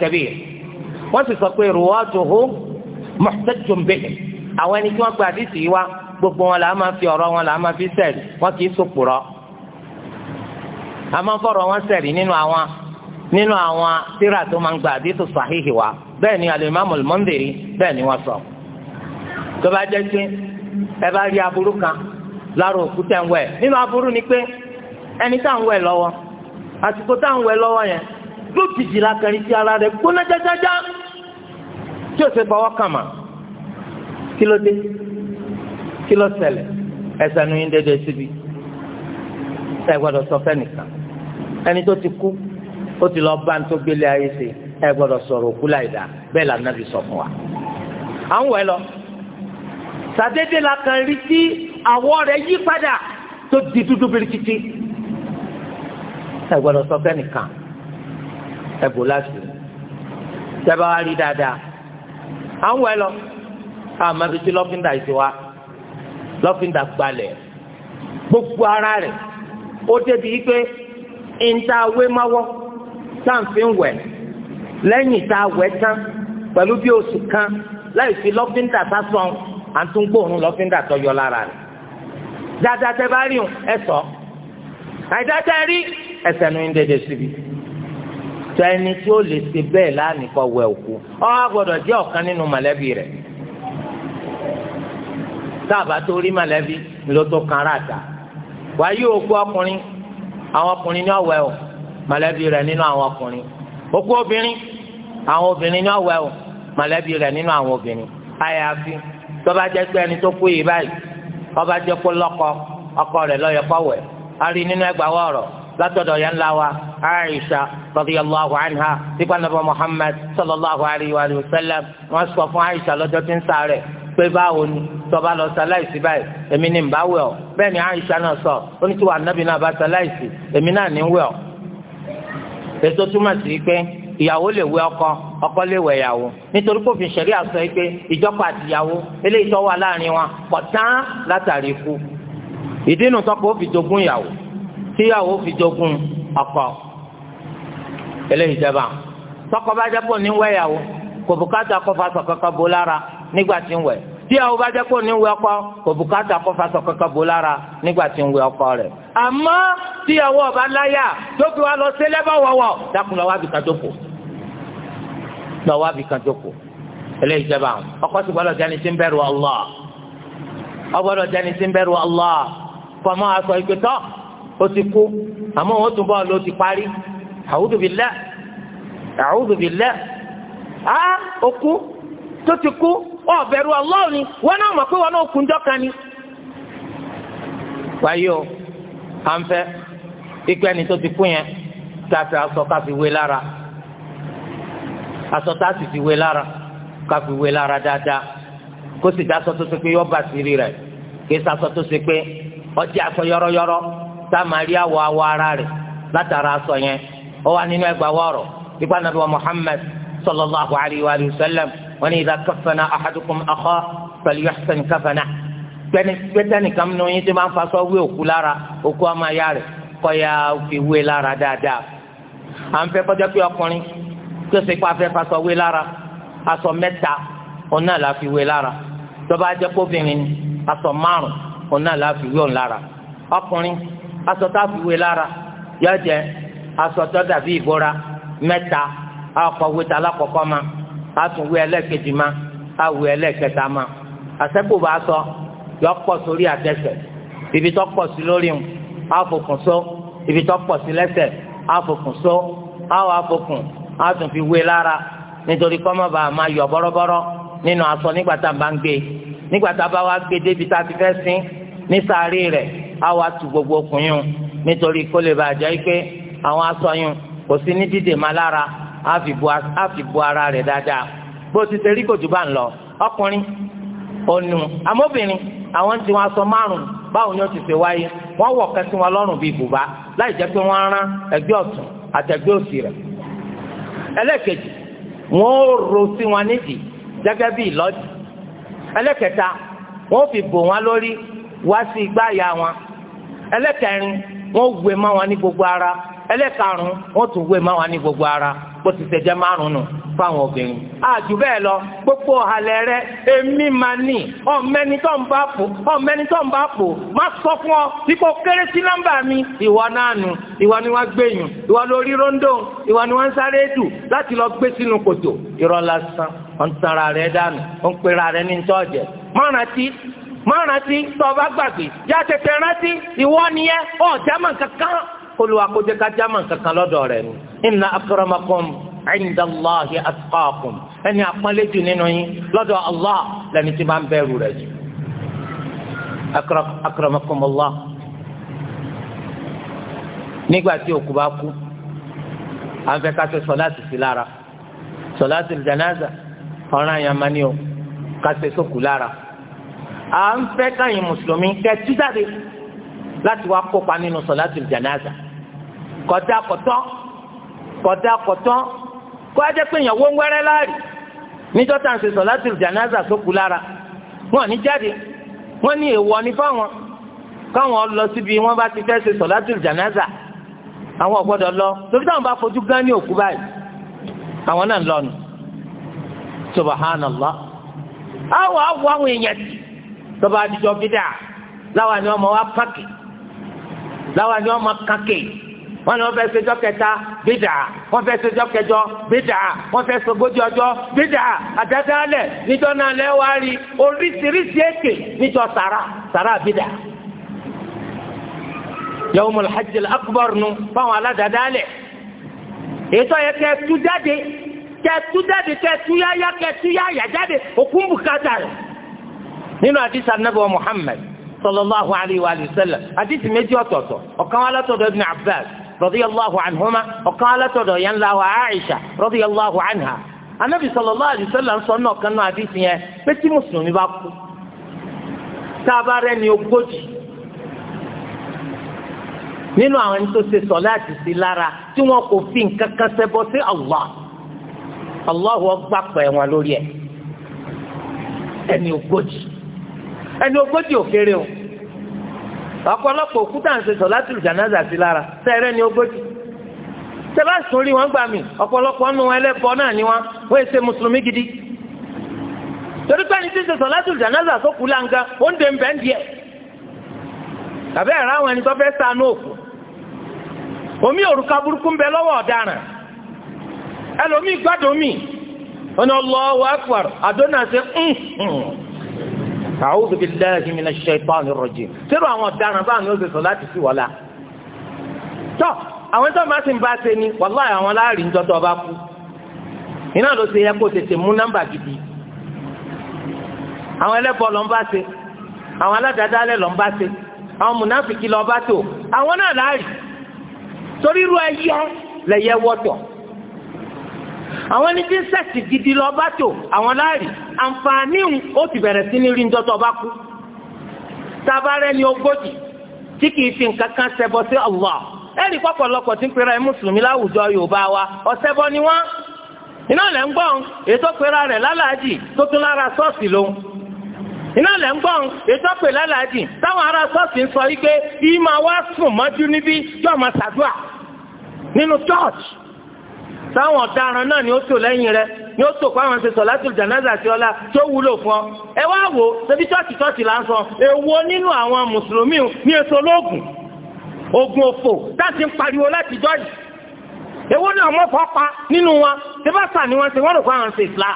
wọ́n sì sọ pé ruwatuhu muhtajun àwọn ẹni tí wọ́n gba àdìsí wa gbogbo wọn là máa fi ọ̀rọ̀ wọn là máa fi sẹ́ẹ̀lì wọn kì í sòpùrọ̀ a máa fọ̀rọ̀ wọn sẹ̀rí nínú àwọn nínú àwọn tírà tó máa ń gba àdìsù wa bẹ́ẹ̀ ni alimami al bẹ́ẹ̀ ni wọ́n sọ. tó bá jẹ́ pé ẹ bá rí aburú kan lára ń wẹ̀ nínú aburú ni pé ẹni tá à ń wẹ̀ lọ́wọ́ àsìkò tá à ń wẹ̀ lọ́wọ́ yẹn lójijì sí ara rẹ̀ gbóná o ṣe kàn mà ẹni tó ti kú ó ti lọ bá ní tó gbélé ayé ṣe ẹ gbọ́dọ̀ sọ̀rọ̀ òkú láìda bẹ́ẹ̀ là nàbì sọ fún wa. à ń wẹ̀ lọ sàdédé la kàn rí sí àwọ̀ rẹ̀ yí padà tó di dúdú birikiti ẹ gbọ́dọ̀ sọ fẹ́ nìkan ẹ bò láti tẹ́bá wa rí dáadáa à ń wẹ̀ lọ àmọ́ ibi tí lọ́fíńdà yìí ti wá lọ́fíńdà gbalẹ̀ gbogbo ara rẹ̀ ó débi yí pé. ìntàwé máwọ́ táǹfin wẹ̀ lẹ́yìn tá a wẹ̀ tán pẹ̀lú bí kan láì fi lọ́fíńdà sásán à ń tún gbóòórùn lọ́fíńdà tó yọ lára rẹ̀ dáadáa tẹ bá rí o ẹ sọ àìdá tẹ rí ẹsẹ̀ nu ń dédé síbi tó ẹni tí ó lè òkú ọ gbọdọ jẹ́ ọkan nínú mọ̀lẹ́bí rẹ̀ tá a bá tó rí mọ̀lẹ́bí ló tó wáyé òkú ọkùnrin àwọn ọkùnrin ní ọ̀wẹ́ o mọ̀lẹ́bí rẹ̀ nínú àwọn ọkùnrin òkú obìnrin àwọn obìnrin ní ọ̀wẹ́ o mọ̀lẹ́bí rẹ̀ nínú àwọn obìnrin àyàfi tó bá jẹ́ pé ẹni tó kú yìí báyìí ó bá jẹ́ kó lọ́kọ ọkọ rẹ̀ lọ́yọ̀ pọ̀wẹ̀ a rí nínú ẹgbàá wọ̀ọ̀rọ̀ látọ̀dọ̀ yẹn ńlá wa aisha radiyallahu anha nípa nàbà muhammad sallallahu alayhi wa sallam wọ́n sọ fún aisha lọ́jọ́ tí ń sáré pé báwo ni tọba lọ ṣaláìsí báyìí èmi ni ń bá wẹ̀ ọ́ bẹ́ẹ̀ ni Aisha náà sọ ó ní tí wàá nábì náà bá ṣaláìsí èmi náà ní wẹ̀ ọ́ èso túmọ̀ sí pé ìyàwó lè wẹ̀ ọkọ ọkọ lè wẹ̀ ìyàwó nítorí kò fi ṣẹlẹ àṣọ yìí pé ìjọkọ àti ìyàwó eléyìí tó wà láàrin wọn pọ̀ tán látàrí ikú ìdínú tọkọ ó fi jogún ìyàwó tíyàwó fi jogún ọkọ eléyìí jẹba tọkọ bá jẹ nígbà tí ń wẹ̀ tí àwọn bá jẹ́ kó ní wẹ̀ ọkọ kò bùkátà kó faṣọ kankan bò lára nígbà tí ń wẹ̀ ọkọ rẹ̀ àmọ́ tí àwọn ọba láyà tó fi wá lọ sí lẹ́bà wọ̀wọ̀ dákun lọ́wọ́ lọ́wọ́ eléyìí ọkọ sì gbọ́dọ̀ jẹni ń bẹ̀rù fọmọ aṣọ ó ti kú àmọ́ wọn tún bọ́ ọ ló ti parí á tó ọ̀bẹ̀rù ọlọ́run ni wọn náà mọ̀ pé wọn náà kún jọ́ka ni. wáyé o à ń fẹ́ ikú ẹni tó ti kú yẹn tá fi aṣọ ká fi wé lára aṣọ tá a sì fi wé lára ká fi wé lára dáadáa kó sì tó ṣe pé yọ bá rẹ kí sàṣọ tó ṣe pé ọjà asọ yọrọyọrọ tá a máa rí awọ ara látara asọ yẹn Ọ wà nínú ẹgbàá wọ́n ní idha kaffana ahadukum akhahu falyuhsin kafanahu gbẹ́ni gbẹ́tẹ́nìkan nínú yín tí máa ń fasọ́ wé òkú lára òkú ọmọ ayá rẹ̀ kọ́ ya fi wé lára dáadáa à ń fẹ́ kọjá pé ọkùnrin tó ṣe pa fẹ́ fasọ́ wé lára aṣọ mẹ́ta òun náà la fi lára tó bá jẹ́ aṣọ márùn òun náà la fi òun lára ọkùnrin aṣọ tá a fi wé lára yọ aṣọ tó dàbí ìbora mẹ́ta akọ̀wé ta lákọ̀ọ́kọ́ máa a tún wí ẹlẹ́kejì ma a wí ẹlẹ́kẹta ma àṣẹ́kù bá sọ yọ pọ̀ sórí àtẹ̀sẹ̀ ibi tó pọ̀ sí lórí ń àfòkùn só ibi tó pọ̀ sí lẹ́sẹ̀ àfòkùn só àwọn àfòkùn a tún fi wé lára nítorí kọ́ mọ́ bá a máa yọ bọ́rọ́bọ́rọ́ nínú aṣọ nígbà tá a bá ń gbé nígbà tá a bá wá gbé débi tá a ti fẹ́ sin ní sáré rẹ̀ a wá gbogbo okùn yún nítorí kó lè bàjẹ́ pé àwọn aṣọ yún kò sí ní dídè má lára A fi bu ara rẹ̀ dáadáa bó ti ṣe rí kò jù bá ń lọ ọkùnrin ònù amóbìnrin àwọn tí wọn aṣọ márùn báwo ni ó ti ṣe wáyé wọn wọ kẹsí wọn lọ́rùn bíi bùbá láì jẹ́ pé wọ́n rán ẹgbẹ́ ọ̀tún àtẹgbẹ́ òsì rẹ̀ ẹlẹ́kejì wọn ó ro sí wọn nídìí gẹ́gẹ́ bíi ìlọ́dì ẹlẹ́kẹta wọn ó fi bò wọn lórí wá sí igbá ìyá wọn ẹlẹ́kẹrin wọn ó gbé mọ́ wọn ní gbogbo ara ẹlẹ́karùn-ún wọ́n tún wé máa gbogbo ara bó ti tẹ̀jẹ́ márùn-ún nù fáwọn obìnrin. àjù bẹ́ẹ̀ lọ gbogbo ọ̀hàlẹ̀ rẹ èmi máa nì ọ̀mẹ́ni tó ń bá pò ọ̀mẹ́ni tó ń bá sọ fún ọ ipò kéré sí mi. ìwọ náà nù ìwọ ni wọ́n gbẹ̀yìn ìwọ lórí rondo ìwọ ni wọ́n sáré dù láti lọ gbé sínú kòtò. irọ́ lásán tanra rẹ dànù pera rẹ ní rántí kólúwa kó jẹ́ ká jámà kankan lọ́dọ̀ rẹ̀ ni inna akramakum inda Allahi atqakum ẹni àpọ́nlẹ́jù nínú yín lọ́dọ̀ Allah lẹni tí máa ń bẹ̀rù rẹ̀ jù akramakum Allah nígbà tí òkú bá kú à ń fẹ́ ká ṣe sọláàtì sí lára sọláàtì janaza ọ̀ràn yẹn máa o ká ṣe sókù lára à ń fẹ́ káyìn mùsùlùmí kẹ́ tíjáde láti wá kópa nínú sọláàtì janaza kọjá kọtọ́ kọjá kọtọ́ kó ajẹ́ pé èèyàn wó ń wẹ́rẹ́ láàrì níjọ́ tá à ń ṣe sọ̀látùl jánásà sókù lára wọn ní jáde wọn ní èèwọ̀ ní fáwọn káwọn lọ síbi wọn bá ti fẹ́ ṣe sọ̀látùl jánásà àwọn ọ̀gbọ́dọ̀ lọ torí táwọn bá fojú gán ní òkú báyìí àwọn náà lọ́nu subhanallah àwọn awọ àwọn èèyàn ti tọba àdìjọ bídà láwa ni wọn máa wá pàkì láwa ni wọn máa kàkè wọn ni wọn fẹ́ sejọ́ kẹta bídà wọn fẹ́ sejọ́ kẹjọ bídà wọn fẹ́ sogójì ọjọ́ bídà àdádálẹ̀ níjọ́ náà lẹ́wàá rí oríṣiríṣi ètè níjọ́ sàrà sàrà bídà yawmul hajjil akbar nu fáwọn aládàádálẹ̀ ètò yẹ kẹ́ tú jáde kẹ́ tú jáde kẹ́ tú yáyá kẹ́ tú yáyá jáde òkú bùkátà rẹ̀ nínú àdìsá nàbọ̀ Muhammad sallallahu alayhi wa sallam àdìsí méjì ọ̀tọ̀ọ̀tọ̀ ọ̀kan wà látọ̀dọ̀ Ibn Abbas radiyallahu anhuma ọ̀kan alátọ̀dọ̀ yẹn ńlá wa Aisha radiyallahu anha anabi sallallahu alaihi wasallam ń sọ náà kan náà àdìsí yẹn pé tí mùsùlùmí bá kú tá a bá rẹ ní ogójì nínú àwọn ẹni tó ṣe sọ̀láàtì sí lára tí wọn kò fi nǹkan kan ṣẹbọ sí Allah Allahu ọgbà pẹ̀ wọn lórí ẹ̀ ẹni ogójì ẹni ogójì òkèrè o. ọ̀pọ̀lọpọ̀ òkúta ń ṣe sọ̀látùl jànáza sí lára sẹ́rẹ́ ni ogójì tẹ́lá sórí wọn gbà mí ọ̀pọ̀lọpọ̀ nù ẹlẹ́bọ náà ni wọn wọ́n ṣe mùsùlùmí gidi torí pé ẹni tí ń so sọ̀látùl jànáza tó kú láǹgá ó ń dè ń bẹ́ ń diẹ tàbí ẹ̀rọ àwọn ẹni tó fẹ́ sànú òkú omi òrùka burúkú ń bẹ lọ́wọ́ ọ̀daràn ẹlòmíì gbádùn ọ̀nà ọlọ́wọ́ a'udhu billahi minash shaitanir rajim sẹ́rù àwọn ọ̀daràn báwọn ni ó ṣe sọ láti sí wọ́lá. tọ́ àwọn tó máa ti ń bá ṣe ni wàláì àwọn láàrin ń jọ́tọ̀ ọba kú iná ló ṣe yẹ kó tètè mú nọ́mbà gidi àwọn ẹlẹ́bọ̀ lọ́n bá ṣe àwọn aládàádálẹ̀ lọ́n bá ṣe àwọn mùnáfìkì lọ́n bá tó àwọn náà láàrin torí irú ẹyẹ lẹ́yẹ wọ́tọ̀ àwọn ní jíńsẹ̀sì gidi lọ bá tò àwọn láàrí àǹfààní ó ti bẹ̀rẹ̀ sí ní rí ń bá kú tabarẹ́ ni ogójì tí kìí fi nǹkan kan ṣẹbọ sí Allah ẹ̀rí pọ̀pọ̀lọpọ̀ tí ń pera ẹ̀ mùsùlùmí láwùjọ Yorùbá wa ọ̀ṣẹbọ ni wọ́n iná lẹ̀ ń gbọ́n ètò pera rẹ̀ lálàájì tó tún lára ṣọ́ọ̀ṣì lòun iná lẹ̀ ń gbọ́n ètò pè lálàájì táwọn ará ṣọ́ọ̀ṣì ń sọ wípé ìmọ̀ wa sùn mọ́jú níbí yóò máa ṣàdúrà nínú chọ́ọ̀chì sáwọn ọ̀daràn náà ni ó tò lẹ́yìn rẹ ni ó tò kó àwọn ṣe sọ̀látùl jánásà sí ọlá tó wúlò fún ọ. ẹ wá wò ó ṣebí chọ́ọ̀chì chọ́ọ̀chì là ń sọ èwo nínú àwọn mùsùlùmí ní èso olóògùn ogun òfò láti ń pariwo láti jọ́ọ̀jì. èwo ni ọmọ fọ́ pa nínú wọn ṣé bá sà ni wọ́n ṣe wọ́n rò kó àwọn ṣe ìsìlá.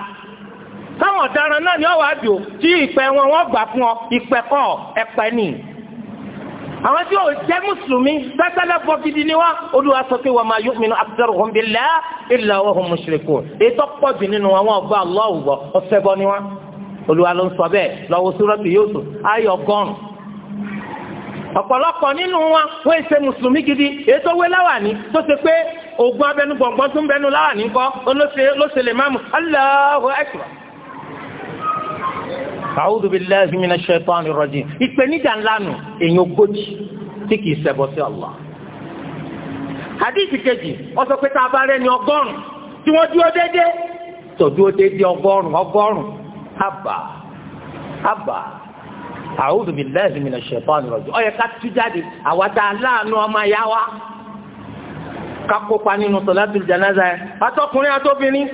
sáwọn ọ̀daràn náà ni ọ̀wá dùn tí ìpẹ́ wọn wọ́n gbà fún ọ ìpẹ́kọ̀ ẹ̀pẹ́ nìyí àwọn tí yóò jẹ́ mùsùlùmí sásálà bọ́ gidi ni wá olúwa sọ pé wà máa yu'minu aktharuhum billahi illa wa hum mushrikun ètò pọ̀jù nínú àwọn ọba Allahu gbọ́ ọ̀sẹ̀ bọ́ ni wá olúwa ló ń sọ bẹ́ẹ̀ lọ́wọ́ suratu Yusuf ayọ̀ gọ́rùn ọ̀pọ̀lọpọ̀ nínú wọn wọ́n ṣe mùsùlùmí gidi ètò owó láwàní tó ṣe pé oògùn abẹnugbọ̀ngbọ̀n tún bẹnu láwàní kọ́ ló Allahu akbar a'udhu billahi minash shaitanir rajim ìpèníjà ńlá nù èèyàn ogójì tí kìí ṣẹbọ sí Allah. hadith kejì wọ́n sọ pé tá a bá rẹ́ni ọgọ́rùn tí wọ́n dúró déédéé tó dúró déédéé ọgọ́rùn ọgọ́rùn àbà àbà a'udhu billahi minash shaitanir rajim ó yẹ ká tú jáde àwàdà aláàánú ọmọ ẹ̀yà wa kakópa nínú sọ̀látùl jánásà yẹn atọ́kùnrin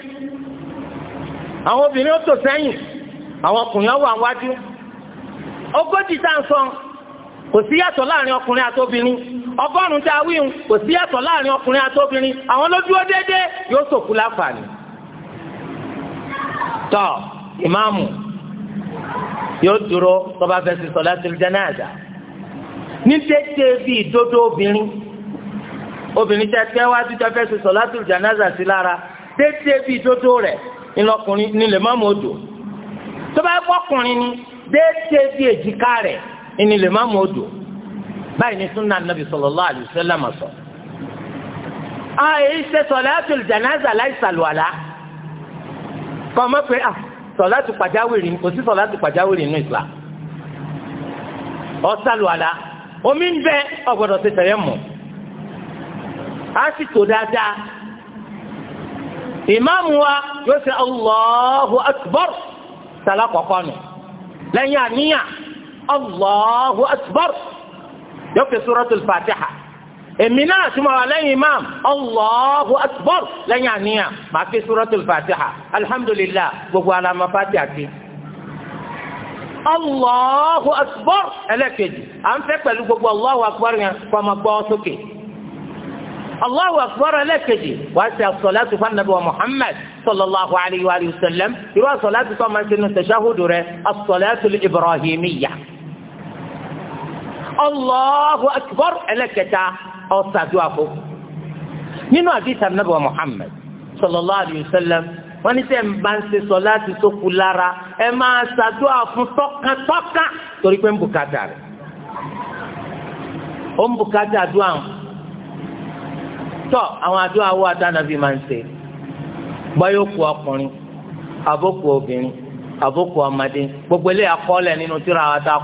àwọn ọkùnrin ọwọ́ àwájú ogójì tá à ń sọ kò sí yàtọ̀ láàrin ọkùnrin àtobìnrin ọgọ́rùn-ún tá a wíhun kò sí yàtọ̀ láàrin ọkùnrin àtobìnrin àwọn ló dúró déédéé yóò sòkú láǹfààní. tọ ìmáàmù yóò dúró tó bá fẹ́ sí sọ̀látul jánásà ní déédéé bí ìdodo obìnrin obìnrin tẹ tẹ́ wájú tó fẹ́ sí sọ̀látul jánásà sí lára déédéé bí ìdodo rẹ̀ ńlọkùnrin nílẹ̀ mọ́mú odò tó bá gbọ́kùnrin ni déédéé bí èjìká rẹ̀ ìní lè má mú odò báyìí ní sunna nabi sallallahu alaihi wasallam sọ. àyè ṣe salatul janaza láì sàlùwàlá kọ́ ọ mọ̀ pé à salatu pàjáwìrì kò sí salatu pàjáwìrì nínú Islam ọ sàlùwàlá omi ń bẹ ọ̀gbọ́dọ̀ ti tẹ̀yẹ̀ mọ́ a sì tó dáadáa ìmáàmù wa yóò ṣe Allahu akbar sálá kọ̀ọ̀kọ́ nù lẹ́yìn àníyàn allahu akbar yóò fi suratul fatiha èmi náà tí mo wà lẹ́yìn imam allahu akbar lẹ́yìn àníyàn màá fi suratul fatiha alhamdulillah gbogbo alama fatiha ti allahu akbar ẹlẹ́kejì à ń fẹ́ pẹ̀lú gbogbo allahu akbar yẹn kọ́ sókè. Okay. Allahu akbar ẹlẹ́kejì wà á ṣe àṣọláṣù fanabiwa Muhammad sallallahu alayhi wa sallam irú àṣọláṣù tó máa ń sinú tẹ̀síáhùdù rẹ̀ àṣọláṣù ibrahimiya. Allahu akbar ẹlẹ́kẹta ọ̀sàdúrà fún. nínú àdìsí anabiwa Muhammad sallallahu alayhi wa sallam wọ́n ní sẹ́ ń bá ń ṣe sọláàtì tó kù lára ẹ máa ṣàdúrà fún tọ́kàntọ́kàn torí pé ń bùkátà rẹ̀ ó ń bùkátà dùn àwọn tọ́ àwọn àdúrà wo àtànàbí máa ń ṣe báyọ̀ kú ọkùnrin àbókù obìnrin àbókù ọmọdé gbogbo eléyà kọ́lẹ̀ nínú tíra àwọn tá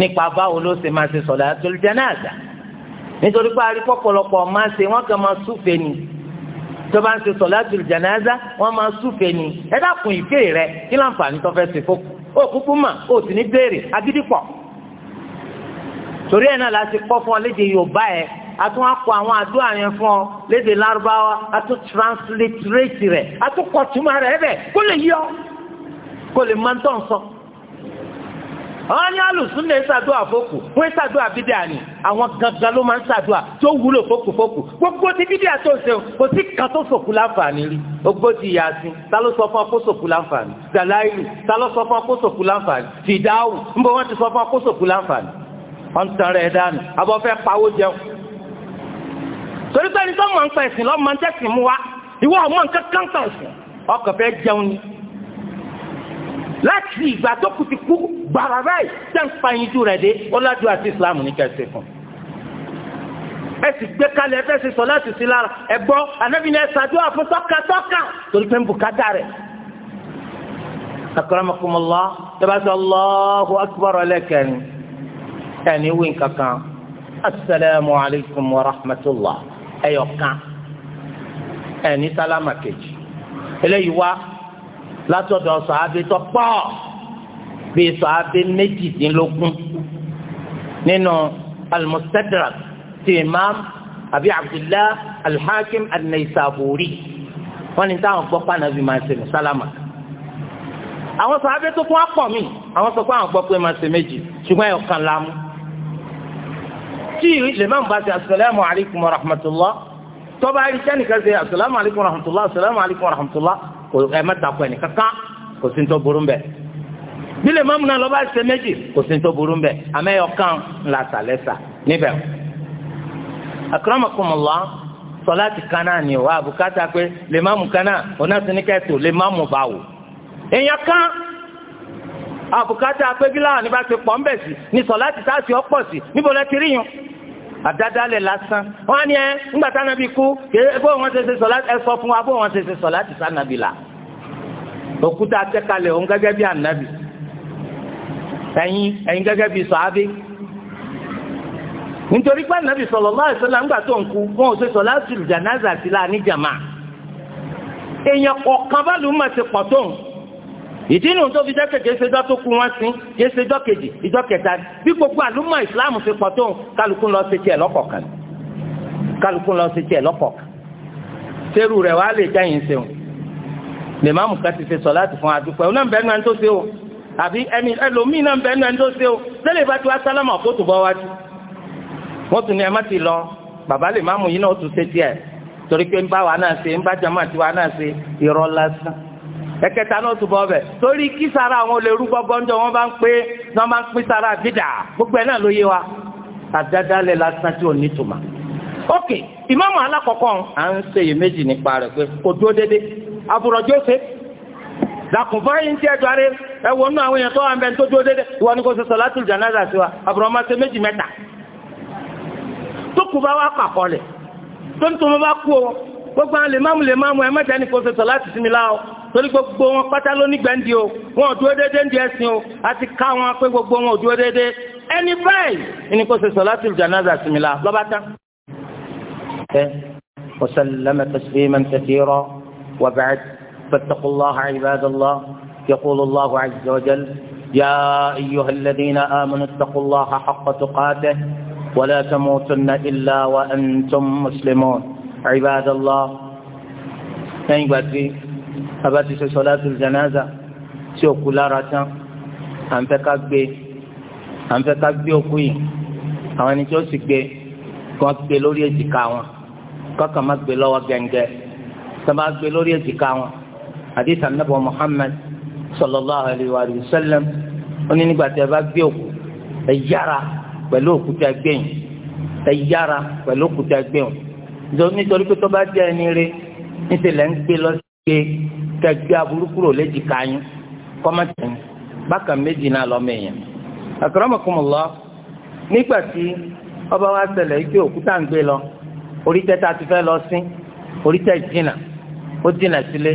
nípa báwo ló ṣe máa ṣe sọ̀látul jánásà nítorí pé arípọ̀ pọ̀lọpọ̀ máa ṣe wọ́n kàn máa súfèé ni tó bá ń ṣe sọ̀látul jánásà wọ́n máa súfèé ni ẹ dákun ìké rẹ kí láǹfààní tó fẹ́ ṣe fókù ó kúkú mà ó sì ní béèrè agídí pọ̀ torí ẹ̀ náà la ṣe kọ́ fún ọ léde Yorùbá ẹ̀ a tún á kọ àwọn àdúrà yẹn fún ọ lédè lárúbáwá a tún transliterate rẹ̀ a tún kọ túmọ̀ rẹ̀ bẹ̀ kó lè yọ kó lè máa ń tọ̀ sọ. àwọn ní alùsùn lè ṣàdúrà fókù wọ́n ṣàdúrà bídíà ni àwọn gangan ló máa ń ṣàdúrà tó wúlò fókù fókù gbogbo ti bídíà tó ń ṣe kò sí kan tó sòkú láǹfààní rí gbogbo ti yàtí ta ló sọ fún ọ kó sòkú láǹfààní dàláìlù ta ló sọ fún ọ kó sòkú láǹfààní tìdáwù ń bọ wọn ti sọ fún ọ kó sòkú láǹfààní wọn ń tan rẹ dànù àbọ fẹ pawó jẹun torí pé ẹni tó mọ̀ ń pa ẹ̀sìn lọ́mọ ń tẹ̀sìn mú wa ìwọ ọmọ nǹkan kan kan sùn ọkọ̀ fẹ́ jẹun ni láti ìgbà tó kù ti kú gbàrà báyìí tẹ́ ń pa ìyíjú rẹ̀ dé ó ládùú àti ìsìláàmù ní kẹsì fún ẹ sì gbé kalẹ̀ ẹ fẹ́ ṣe sọ láti sí lára ẹ gbọ́ anábì ní ẹ ṣàdúrà fún tọ́ka tọ́ka torí pé ń bùkátà rẹ̀ akramakumullah tẹ́bá sọ Allahu akbar ẹlẹ́kẹ̀rin ẹ̀ ní wí kankan assalamu alaikum wa rahmatullah ẹyọkan ẹni sálámà kejì eléyìí wá látọ̀dọ̀ sàábé tó pọ̀ bíi sàábé méjìdínlógún nínú al-Mustadrak ti imam abi abdullah al-Hakim an-Naysaburi wọn ni táwọn gbọ́ pa nàbí máa ṣe ní sálámà àwọn sàábé tó fún akọ mi àwọn sọ pé àwọn gbọ́ pé máa ṣe méjì ṣùgbọ́n ẹyọkan lámú tí lèmọ́n bá ṣe asalaamu alaykum wa rahmatulah tó bá rí sẹ́nìkan ṣe asalaamu alaykum wa rahmatulah asalaamu alaykum wa rahmatulah kò ẹ̀ mẹ́ta kọ́ ẹ̀nì kankan kò sí ní tó burú mbẹ́ bí lèmọ́n náà lọ́ bá ṣe méjì kò sí ní tó burú mbẹ́ amẹ́yọ kan la sàlẹ́sà níbẹ̀. akramakumullah sọlá ti kan náà ni wàá bùkátà pé lèmọ́n kan náà onásìníkẹ́tù lèmọ́n bá wò èèyàn kan àbùkátà pé bí ní bá ti pọ̀ ń bẹ̀ sí ní sọ̀láti tá a ti ọ́ pọ̀ sí níbo lẹ́ ti rí yun àdádálẹ̀ lásán wọn á ní ẹ ńgbà tánábì kú bó wọn ṣe ṣe sọlá ẹ sọ fún wa bó wọn ṣe ṣe sọlá ti sánábì là òkúta tẹ́kalẹ̀ òun gẹ́gẹ́ bí ànábì ẹ̀yin ẹ̀yin gẹ́gẹ́ bí sàábé nítorí pé ànábì sallallahu alaihi wasallam ńgbà tó ń kú wọn ò ṣe sọ̀látùl jánásà sí la ní jàmá èèyàn kọ̀ọ̀kan bá lùú mà ti pọ̀ tó ń ìdí nu tó fi jẹ́ kékeré ṣe jọ́ tó kú wọn sí kéé ṣe jọ́ kejì ìjọ́ kẹta bí gbogbo àlùmọ̀ ìsìláàmù ṣe pọ̀ tó kálukú lọ ṣe tiẹ̀ lọ́kọ̀ọ̀kan kálukú lọ ṣe tiẹ̀ lọ́kọ̀ọ̀kan sẹ́rù rẹ̀ wá lè jẹ́yìn ṣeun lè má mú kàti ṣe sọ láti fún adúpẹ́ ọ̀nà bẹ́ẹ̀ náà tó ṣe o àbí ẹni ẹlòmíì náà bẹ́ẹ̀ náà tó ṣe o lẹ́lẹ̀ bá ti wá sálámà kó tó bọ́ wájú wọ́n tún ní ẹ má ti lọ bàbá lè má mú yín náà ó tún ṣe tiẹ̀ torí pé ń bá wa náà ẹ̀kẹta náà tún bọ́ ọbẹ̀ torí kí sara àwọn olè rú gbọ́gbọ́ wọn bá ń pé wọn bá ń pín sara bídà gbogbo ẹ̀ náà ló yé wa àdádálẹ̀ lásán tí ò ní tùmà. ok ìmáàmù alákọ̀ọ́kọ́ à ń ṣe iyèméjì nípa rẹ̀ pé kò dúró dédé àbùrọ̀jọ́ ṣe dàkùnfọ́ yìí ń tí ẹjọ́ rẹ̀ ẹwọ nínú àwọn èèyàn tó wà ń bẹ tó dúró dédé ìwọ ni kò ṣe sọ̀látùl jánásà sí wa àbùrọ̀mọ́ torí gbogbo wọn pátá ló ní gbẹ̀ǹdì o wọn ò dúró déédéé ń di ẹ̀sìn o àti ká wọn pé gbogbo wọn ò dúró déédéé ẹni báyìí ni kò ṣe salatul janaza sí mi la lọ́ba tán. وسلم تسليما كثيرا وبعد فاتقوا الله عباد الله يقول الله عز وجل يا أيها الذين آمنوا اتقوا الله حق تقاته ولا تموتن إلا وأنتم مسلمون عباد الله bàbá ti ṣe sọlátul janaza tí òkú lára tán à ń fẹ́ ká gbé à ń fẹ́ ká gbé òkú yìí àwọn ẹni tí ó sì gbé kọ́ gbé wọn kọ́kà má gbé lọ́wọ́ gẹ́ngẹ́ sábà gbé lórí èjìká wọn àdìsá nàbọ̀ Muhammad sallallahu alayhi wa sallam ó ní nígbà tí a bá gbé òkú ẹ yára pẹ̀lú òkúta gbẹ̀yìn ẹ yára pẹ̀lú òkúta gbẹ̀yìn nítorí pé tó bá jẹ́ ẹni rí níṣẹ́ lẹ́ ń gbé lọ sí pé kẹgbẹ́ aburúkú rò lè jìkà yín kọ́mọ̀tì bákan méjì náà lọ́mọ èèyàn. àkàràmọ̀kùnmọ̀lọ́ nígbà tí ọba wa ṣẹlẹ̀ yìí pé òkúta ń gbé lọ orí tẹ́ta ti fẹ́ lọ sí orí tẹ́ jìnnà ó jìnnà sílé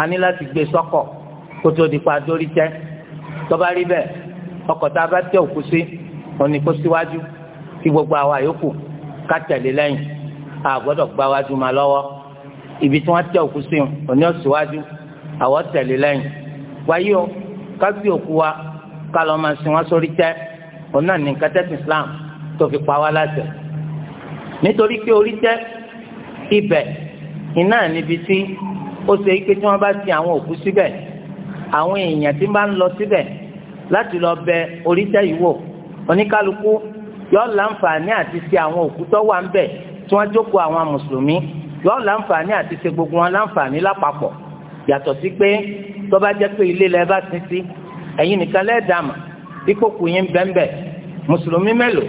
a ní láti gbé sọ́kọ̀ kó tó di pa dórí tẹ́ tọ́ba rí bẹ́ẹ̀ ọkọ̀ tá a bá tẹ òkú sí òní kó síwájú kí gbogbo àwa yòókù ká tẹ̀lé lẹ́yìn a gbọ́dọ̀ gbáwájú máa lọ́wọ́ ibi tí wọ́n tẹ òkú sí wọn òní ọ̀síwájú àwọ̀ tẹ̀lé lẹ́yìn wáyé o ká gbé òkú wa ká lọ́ọ́ máa sin wọn sórí tẹ́ òun náà ní kẹ́tẹ́sì Islam tó fi pa wá láṣẹ nítorí pé orí tẹ́ ibẹ̀ iná níbi tí ó ṣe pé tí wọ́n bá ti àwọn òkú síbẹ̀ àwọn èèyàn tí bá ń lọ síbẹ̀ láti lọ bẹ orí tẹ́ yìí wò oníkálukú yọ láǹfààní àti ṣe àwọn òkú tó wà ń bẹ̀ tí wọ́n jókòó àwọn mùsùlùmí yọ láǹfààní àti ṣe gbogbo wọn láǹfààní lápapọ̀ yàtọ̀ sí pé tó bá jẹ́ pé ilé lẹ bá sin sí ẹ̀yin nìkan lẹ́ẹ̀dàmà ìkókù yín bẹ́ńbẹ́ mùsùlùmí mélòó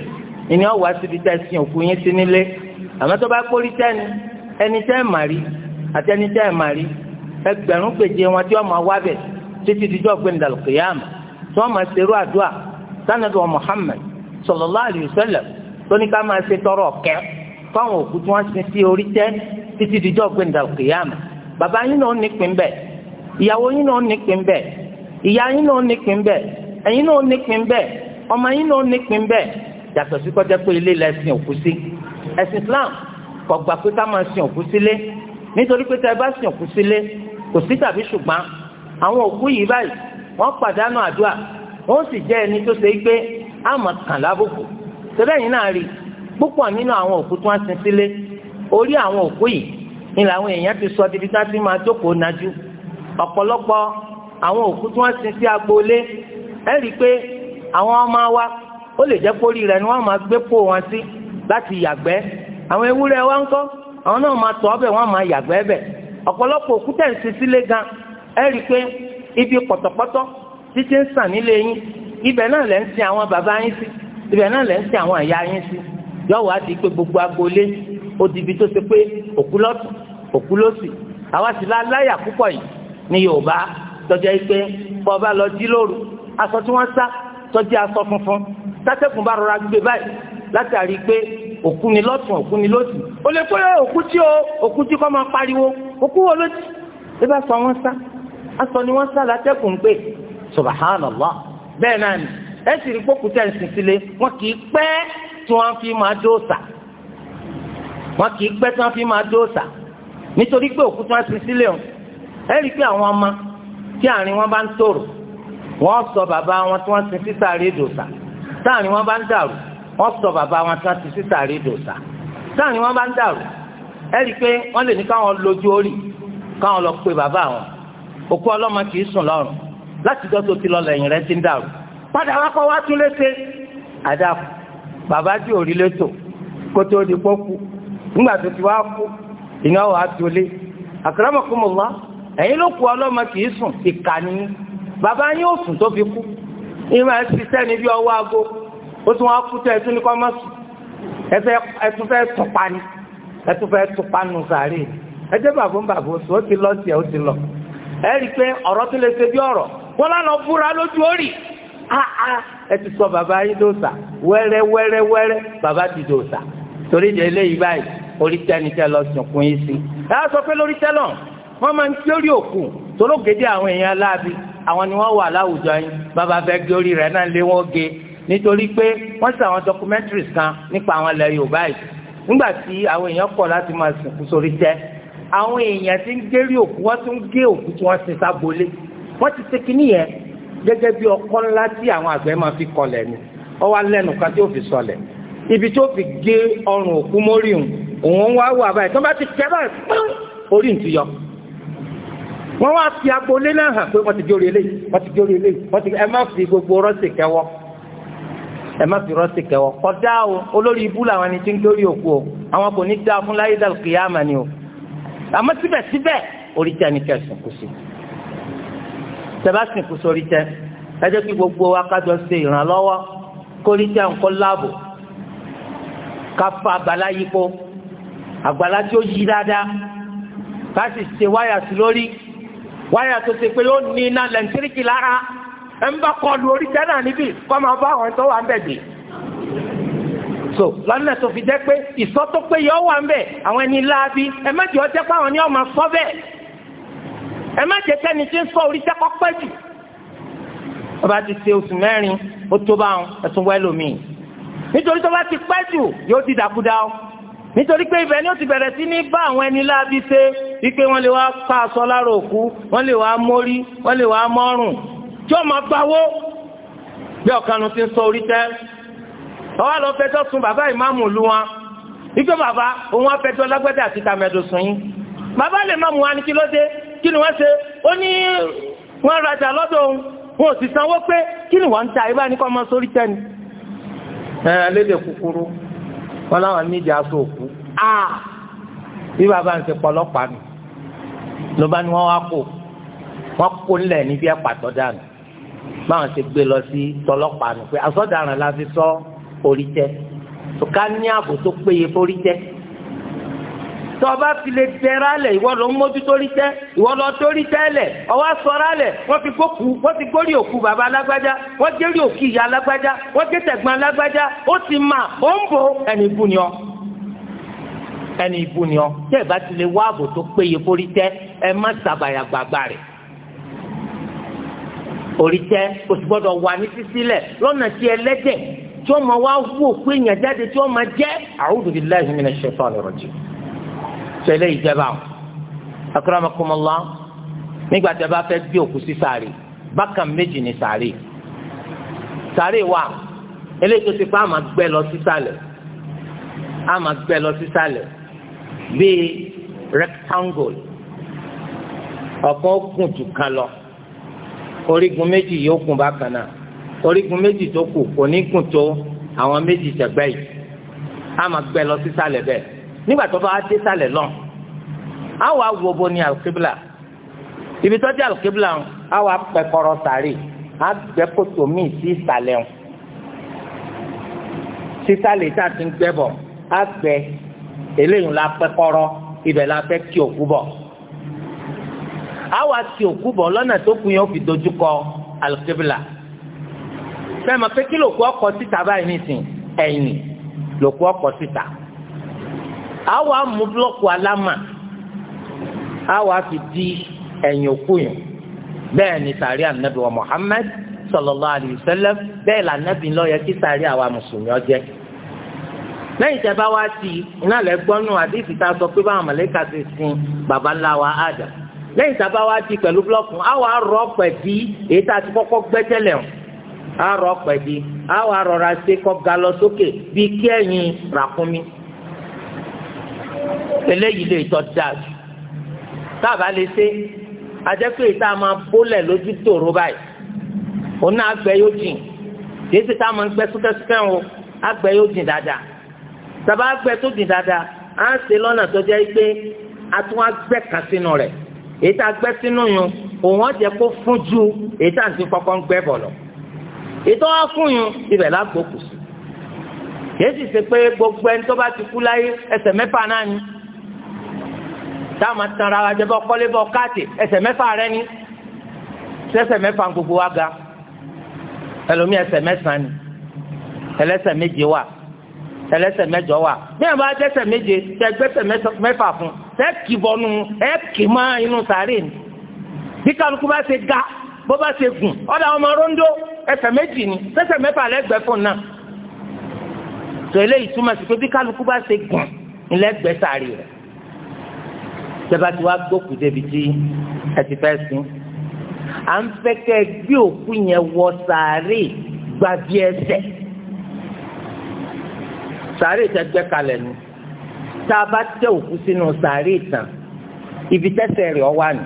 ìní ọ̀wá síbi tẹ́ sin òkú yín sí nílé àmọ́ tó bá kórí tẹ́ni ẹni tẹ́ ẹ̀ mà rí àti ẹni tẹ́ ẹ̀ mà rí ẹgbẹ̀rún gbèje wọn tí wọ́n máa wá bẹ̀ títí dijọ́ gbẹ̀ndàlùkìyàmù tí wọ́n máa ṣerú àdúrà sanadu wa Muhammad sallallahu alayhi wa sallam tóníkà máa ṣe tọrọ ọ̀kẹ́ fáwọn òkú tí wọ́n sin sí orí tẹ́ títí dijọ́ gbẹ̀ndà kìyàmù bàbá yín náà nípìn bẹ́ẹ̀ ìyàwó yín náà nípìn bẹ́ẹ̀ ìyá yín náà nípìn bẹ́ẹ̀ ẹ̀yin náà nípìn bẹ́ẹ̀ ọmọ yín náà nípìn bẹ́ẹ̀ yàtọ̀ sí kọjá pé ilé la ẹ̀sìn òkú sí ẹ̀sìn Islam kò gbà pé ká máa sin òkú sílé nítorí pé tá ẹ bá sin òkú sílé kò sí tàbí ṣùgbọ́n àwọn òkú yìí báyìí wọ́n pàdánù àdúrà wọ́n sì jẹ́ ẹni tó ṣe pé á máa kàn lábùkù tẹ́lẹ̀ yìí náà rí púpọ̀ nínú àwọn òkú tí wọ́n sin sílé orí àwọn òkú yìí ni làwọn èèyàn ti sọ dídí tá ti máa jókòó nájú ọ̀pọ̀lọpọ̀ àwọn òkú tí wọ́n sin sí agboolé ẹ rí i pé àwọn ọmọ wa ó lè jẹ́ pórí rẹ̀ ni wọ́n máa gbé pò wọn sí láti yàgbẹ́ àwọn ewúrẹ́ wa ń kọ́ àwọn náà máa tọ̀ ọbẹ̀ wọ́n máa yàgbẹ́ bẹ̀ ọ̀pọ̀lọpọ̀ òkú tẹ̀ ń sin sílé gan ẹ rí i pé ibi pọ̀tọ̀pọ̀tọ̀ títí ń sàn nílé yín ibẹ̀ náà lẹ́ ń sin àwọn bàbá yín sí ibẹ̀ náà lẹ́ ń sin àwọn àyà yín sí yọ̀wọ́ á di pé gbogbo agboolé ó di ibi tó ṣe pé òkú lọ́tù òkú lọ́sì àwa sì láláyà púpọ̀ yìí ní yorùbá tọ́jà yìí pé bọ́ọ̀bá lọ jí lóru aṣọ tí wọ́n sá tọ́jú aṣọ funfun tátẹ́kùn bá rọra gbé báyìí látàrí pé òkú ni lọ́tùn òkú ni lọ́sì ó lè pé eh, òkú tí o òkú tí kọ́ máa pariwo òkú wo ló ti ẹ bá sọ wọn sá aṣọ ni wọ́n sá látẹ́kùn pé subhanallah bẹ́ẹ̀ náà ni ẹ sì rí pókùtẹ́ ń sìn sílé wọn kì í pẹ́ tí wọ́n fi máa dóòsà wọn kì í pẹ́ tí wọ́n fi máa dóòsà nítorí pé òkú tí wọ́n ti sílẹ̀ o ẹ rí i pé àwọn ọmọ tí àárín wọn bá ń tòrò wọ́n sọ bàbá wọn tí wọ́n ti sí sàárè dòòsà táàrin wọn bá ń dàrú wọ́n sọ bàbá wọn tí wọ́n ti sí sàárè dòòsà táàrin wọn bá ń dàrú ẹ rí i pé wọ́n lè ní káwọn lójú orí káwọn lọ pe bàbá wọn òkú ọlọ́mọ kì í sùn lọ́rùn láti dọ́ tó lọ lẹ́yìn rẹ ti ń dàrú padà wá wá tún léṣe àdàpọ̀ bàbá tí ò rí kótó di pọ́kú nígbà ti wá kú iná wà á dolé àkàràmọ̀kọ́mọ̀lá ẹ̀yin ló kú ọlọ́mọ kì í sùn ìkànnì bàbá yín sùn tó fi kú ìmọ̀ ẹ̀sìn sẹ́ni bí ọwọ́ aago ó tún wá kú tó ẹ̀sùn ní kọ́ mọ́ sùn ẹ̀sùn fẹ́ tọpa ni ẹ̀sùn fẹ́ tọpa nù sàárè ti lọ tiẹ̀ ó ti lọ ẹ rí i pé ọ̀rọ̀ tó lè ṣe bí ọ̀rọ̀ wọ́n lánà búra lójú orí ẹ ti orí lọ sìnkún yìí sí. ẹ á pé lórí tẹ́lọ̀ wọ́n máa ń kí orí òkú tólógede àwọn èèyàn láabi àwọn ni wọ́n wà láwùjọ yín bàbá fẹ́ gé orí rẹ̀ náà lé wọ́n gé nítorí pé wọ́n ṣe àwọn documentaries kan nípa àwọn ilẹ̀ Yorùbá yìí nígbà tí àwọn èèyàn kọ̀ láti máa sìnkú sórí tẹ́ àwọn èèyàn ti ń gérí òkú wọ́n tún gé òkú tí wọ́n sin sábòlé wọ́n ti ṣe kínní yẹn gẹ́gẹ́ bí ọkọ́ ńlá tí àwọn àgbẹ̀ máa fi kọlẹ̀ ni ọwọ́ alẹ́nu kan tí ó fi sọlẹ̀ ibi tí ó fi gé ọrùn òkú mórìhùn òun wá wà báyìí tó bá ti tẹ́ báyìí pọ́n orí ń ti yọ wọ́n wá fi agboolé náà hàn pé wọ́n ti jórí eléyìí wọ́n ti jórí eléyìí wọ́n ti ẹ má fi gbogbo rọ́ọ̀sì kẹwọ́ ẹ má fi rọ́ọ̀sì kẹwọ́ kọjá o olórí ibú làwọn ẹni tí ń dórí òkú o àwọn kò ní dáa fún láyé dàlù kìyàmà ni o àmọ́ síbẹ̀síbẹ̀ orí tẹ ni kẹsàn kù sí sebastian kù sórí tẹ ẹ jẹ́ kí gbogbo wa kájọ ṣe ìrànlọ́wọ́ kórí tẹ ń kọ́ láàbò ká fa abala yípo àgbàlá tí ó yí dáadáa láti ṣe wáyà sí lórí wáyà tó ṣe pé yóò ní iná lẹ́ńtíríkì lára ẹ̀ ń bá kọlu orí tẹ́nà níbí kọ́ máa bá àwọn tó wà ń bẹ̀ dé so lọ́nà tó fi jẹ́ pé ìsọ́ tó pé yọ wà ń bẹ̀ àwọn ẹni láabi ẹ má jẹ́ ọjẹ́ pé àwọn ni ọmọ sọ bẹ́ẹ̀ ẹ má jẹ́ kẹ́ni tí ń sọ orí tẹ́kọ́ pẹ́ jù ọba ti ṣe oṣù mẹ́rin ó tó bá wọn ẹ̀sùn wẹ́lòmíì nítorí tó bá ti pẹ́ jù yóò ti dàkúdà ọ́ nítorí pé ibẹ̀ ni ó ti bẹ̀rẹ̀ sí ní bá àwọn ẹni láabi ṣe wípé wọ́n lè wá pa aṣọ lára òkú wọ́n lè wá mórí wọ́n lè wá mọ́rùn tí ó máa gbawó bí ọ̀kanu ti ń sọ orí tẹ́ ọwọ́ lọ fẹjọ́ sun bàbá ìmáàmù lu wọn wípé bàbá òun á fẹjọ́ lágbẹ́dẹ́ àti tàmẹ́dọ̀ sùn yín bàbá lè má wa ní kí ló dé kí ni wọ́n ṣe ó ní wọ́n rajà lọ́dọ̀ wọn ò sì sanwó pé kí ni wọ́n ń ta ìbánikọ́ ọmọ sórí tẹ́ni. ẹ wọn láwọn nídìí aṣọ òkú aa bí bàbá ń ṣe pọlọpàá nù ló bá ní wọn wá kó wọn kó nílẹ̀ níbi ẹpàtọ dànù báwọn ṣe gbé lọ sí tọlọpàá nù pé asọdaràn la fi sọ orí tẹ tó ká ní ààbò tó péye fórí tẹ tọba fi lè dẹra lẹ ìwọ ló ń mójútó rí tẹ ìwọ lọ tó rí tẹlẹ ọwọ sọra lẹ wọn fi gbókù wọn ti gbórí òkú bàbá alágbájá wọn gérí òkú ìyá alágbájá wọn gé tẹ̀gbọ́n alágbájá ó ti mà ó ń bò ẹni ibu ni ọ ẹni ibu ni ọ tẹ bá ti lè wá ààbò tó péye forí tẹ ẹ má sàbàyà gbàgbà rẹ orí tẹ o sì gbọ́dọ̀ wà ní sísí lẹ lọ́nà tí ẹlẹ́dẹ̀ tí wọn máa wá wò pé èèyàn jáde tí wọn máa jẹ a'udhu billahi minash shaitani rajim sẹlẹ ìjẹba o akramakumullah nígbà tí a bá fẹ́ gbé òkú sí sàárè bákan méjì ní sàárè sàárè wà eléyìí tó ti pa àmà gbẹ́ lọ sísàlẹ̀ àmà gbẹ́ lọ sísàlẹ̀ bíi rectangle ọ̀kan kùn jù kan lọ orígun méjì yóò kùn bákan náà orígun méjì tó kù kò ní kùn tó àwọn méjì tẹ̀gbẹ́ yìí àmà gbẹ́ lọ sísàlẹ̀ bẹ́ẹ̀ nígbà bá dé sálẹ̀ lọ àwọn awobo ni alukébìlà ibi tó dé alukébìlà àwọn apẹkọrọ sàárè agbẹkọtò míì sí ìsàlẹ̀ wọn sísàlẹ̀ tá a ti ń gbẹ bọ̀ agbẹ eléyìí la pẹkọrọ ibẹ̀ la fẹ́ kí òkú bọ̀ àwọn akí òkú bọ̀ lọ́nà tó kù yẹn ó fi dojú kọ alukébìlà fẹ́ẹ́ mọ̀ pé kí lòkú ọkọ̀ síta báyìí nìsín ẹ̀yìn lòkú ọkọ̀ síta. Awa wà mú búlọ́ọ̀kù alámà a wà fi di ẹ̀yìn òkú ni sàrí ànábì wa Muhammad sallallahu alayhi wa sallam la là ànábì ló yẹ kí sàrí àwa mùsùlùmí ó jẹ́ lẹ́yìn tẹ́ bá wá sí i iná lẹ́ gbọ́nù àdéhìí ta sọ pé báwọn mọ̀lẹ́kà ti sin baba ńlá wa Adam lẹ́yìn tá bá wá di pẹ̀lú búlọ́ọ̀kù á wà rọ pẹ̀dí èyí tá a ti kọ́kọ́ gbẹ́tẹ́lẹ̀ hàn á rọ pẹ̀dí á wà rọra ṣe kọ́ ga lọ sókè bíi kí ẹ̀yìn ràkúnmí eléyìí lè tọ́ dáa jù táàbà lè ṣe ajẹ́pẹ́ ìta máa bólẹ̀ lójú tòró báyìí òun náà gbẹ́ yóò jìn kìí tá a máa ń gbẹ́ súkẹ́súkẹ́ o á gbẹ́ yóò jìn dáadáa tàbá gbẹ́ tó jìn dáadáa á ń ṣe lọ́nà tó jẹ́ pé a tún á gbẹ́ kan sínú rẹ̀ èyí tá a gbẹ́ sínú yun òun ọ̀jẹ̀ kó fún ju èyí tá à ń ti kọ́kọ́ ń gbẹ́ bọ̀ lọ ètò wa fún yun ibẹ̀ lágbókùsù kìí sì ṣe pé gbogbo ẹni tó bá ti kú láyé ẹsẹ̀ mẹ́fà náà ni tá a máa tan ara wa jẹ bọ́ kọ́lé bọ́ káàtì ẹsẹ̀ mẹ́fà rẹ ni sẹ́sẹ̀ mẹ́fà gbogbo wa ga ẹlòmíì ẹsẹ̀ mẹ́sàn-án ni ẹlẹ́sẹ̀ méje wà ẹlẹ́sẹ̀ mẹ́jọ wà bí wọn bá dẹ́ṣẹ̀ méje tẹ gbẹ́ṣẹ̀ fún tẹ kì bọnu ẹ kì mọ inú sàárè ni bí kálukú bá ṣe ga bó bá ṣe gùn ọ̀dà ọmọ rondo ẹsẹ̀ méjì ni sẹ́sẹ̀ mẹ́fà lẹ́gbẹ̀ẹ́ fún náà tó eléyìí túmọ̀ sí pé bí kálukú bá ṣe gùn ilẹ̀ gbẹ́sàárì rẹ̀ tẹ́bá tí wàá gbókù débi tí ẹ ti fẹ́ sin à ń fẹ́ kẹ́ gbé òkú yẹn wọ sàárè gba bí ẹsẹ̀ sàárè tẹ́ gbẹ́ kalẹ̀ nu tá a bá tẹ òkú sínú sàárè tán ibi tẹ́sẹ̀ rẹ̀ ọ wà nù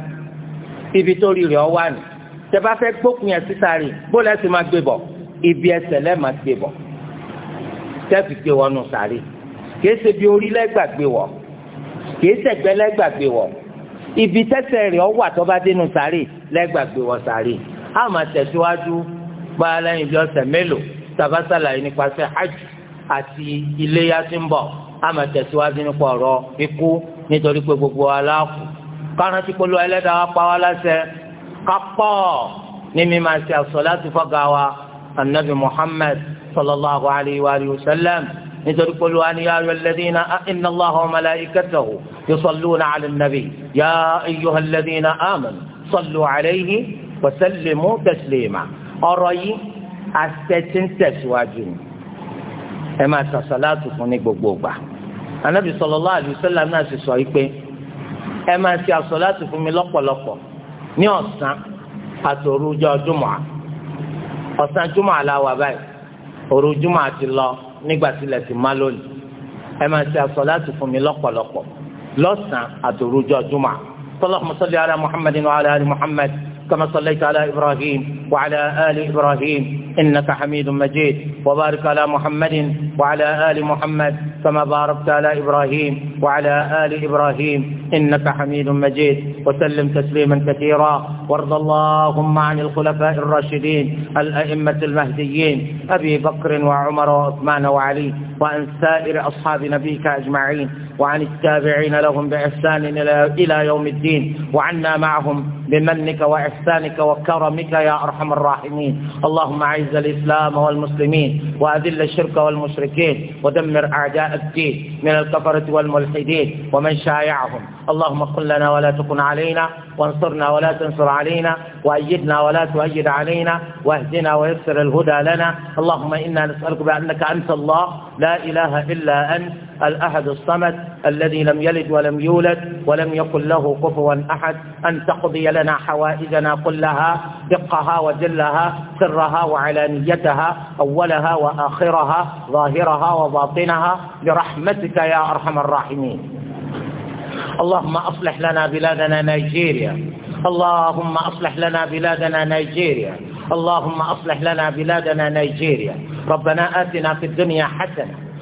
ibi tó rí rẹ̀ ọ wà nù tẹ́bá fẹ́ gbókù yẹn sí sàárè bó lẹ́sìn máa gbé bọ̀ ibi ẹsẹ̀ lẹ́ẹ̀ máa gbé bọ̀ tẹ́ẹ̀fì gbé wọn nù sàrí kìí ṣe bí orí lẹ́gbàgbé wọ̀ kìí ṣẹ̀gbẹ́ lẹ́gbàgbé wọ̀ ibi tẹ́sẹ̀ rẹ̀ ọwọ́ àtọ́ba dénú sàrí lẹ́gbàgbé wọ̀ sàrí a máa tẹ̀síwájú gba lẹ́yìn bí ọ̀sẹ̀ mélòó tabasala yìí nípasẹ̀ hajj àti iléyà tí ń bọ̀ a máa tẹ̀síwájú nípa ọ̀rọ̀ ikú nítorí pé gbogbo aláàkú kárán tí polówó ẹlẹ́dàá wa pa wá láṣẹ kápọ̀ ní mímọ̀ anabi muhammad sallallahu alayhi wa sallam nítorí pé olúwa ni yáa yọ lẹ́dínà iná aláhùn ọmọláyìkẹ́tàwó yóò sọ̀lù náà alẹ́ nàbí yáa iyọ̀ lẹ́dínà àmín sọ̀lù àlẹ́yìí wọ́sẹ̀lẹ̀mú tẹ̀sílẹ̀mà ọ̀rọ̀ yìí asẹ́tí ń tẹ̀síwájú ni ẹ máa sàṣàlátù fún ní gbogbo ìgbà anábì sallallahu alaihi wasallam náà sì sọ wípé ẹ máa ṣe àṣàlátù fún mi lọ́pọ̀lọpọ̀ ní ọ̀sán àtòrújọ́ ọdún mọ́à ọ̀sán júmọ̀ aláwa báyìí òru júmọ̀ àti lọ nígbà tílẹ̀ ti má lónìí ẹ máa ṣe àṣọ láti fún mi lọ́pọ̀lọpọ̀ lọ́sàn àti òru jọ júmọ̀ اللهم صل على محمد وعلى آل محمد كما صليت على إبراهيم وعلى آل إبراهيم إنك حميد مجيد وبارك على محمد وعلى آل محمد كما باركت على إبراهيم وعلى آل إبراهيم إنك حميد مجيد وسلم تسليما كثيرا وارض اللهم عن الخلفاء الراشدين الأئمة المهديين أبي بكر وعمر وعثمان وعلي وأن سائر أصحاب نبيك أجمعين وعن التابعين لهم بإحسان إلى يوم الدين وعنا معهم بمنك وإحسانك وكرمك يا أرحم الراحمين اللهم أعز الإسلام والمسلمين وأذل الشرك والمشركين ودمر أعداء الدين من الكفرة والملحدين ومن شايعهم اللهم قل لنا ولا تكن علينا وانصرنا ولا تنصر علينا وأيدنا ولا تؤيد علينا واهدنا ويسر الهدى لنا اللهم إنا نسألك بأنك أنت الله لا إله إلا أنت الأحد الصمد الذي لم يلد ولم يولد ولم يقل له كفوا أحد أن تقضي لنا حوائجنا كلها دقها وجلها سرها وعلانيتها أولها وآخرها ظاهرها وباطنها برحمتك يا أرحم الراحمين اللهم أصلح لنا بلادنا نيجيريا اللهم أصلح لنا بلادنا نيجيريا اللهم أصلح لنا بلادنا نيجيريا ربنا آتنا في الدنيا حسنة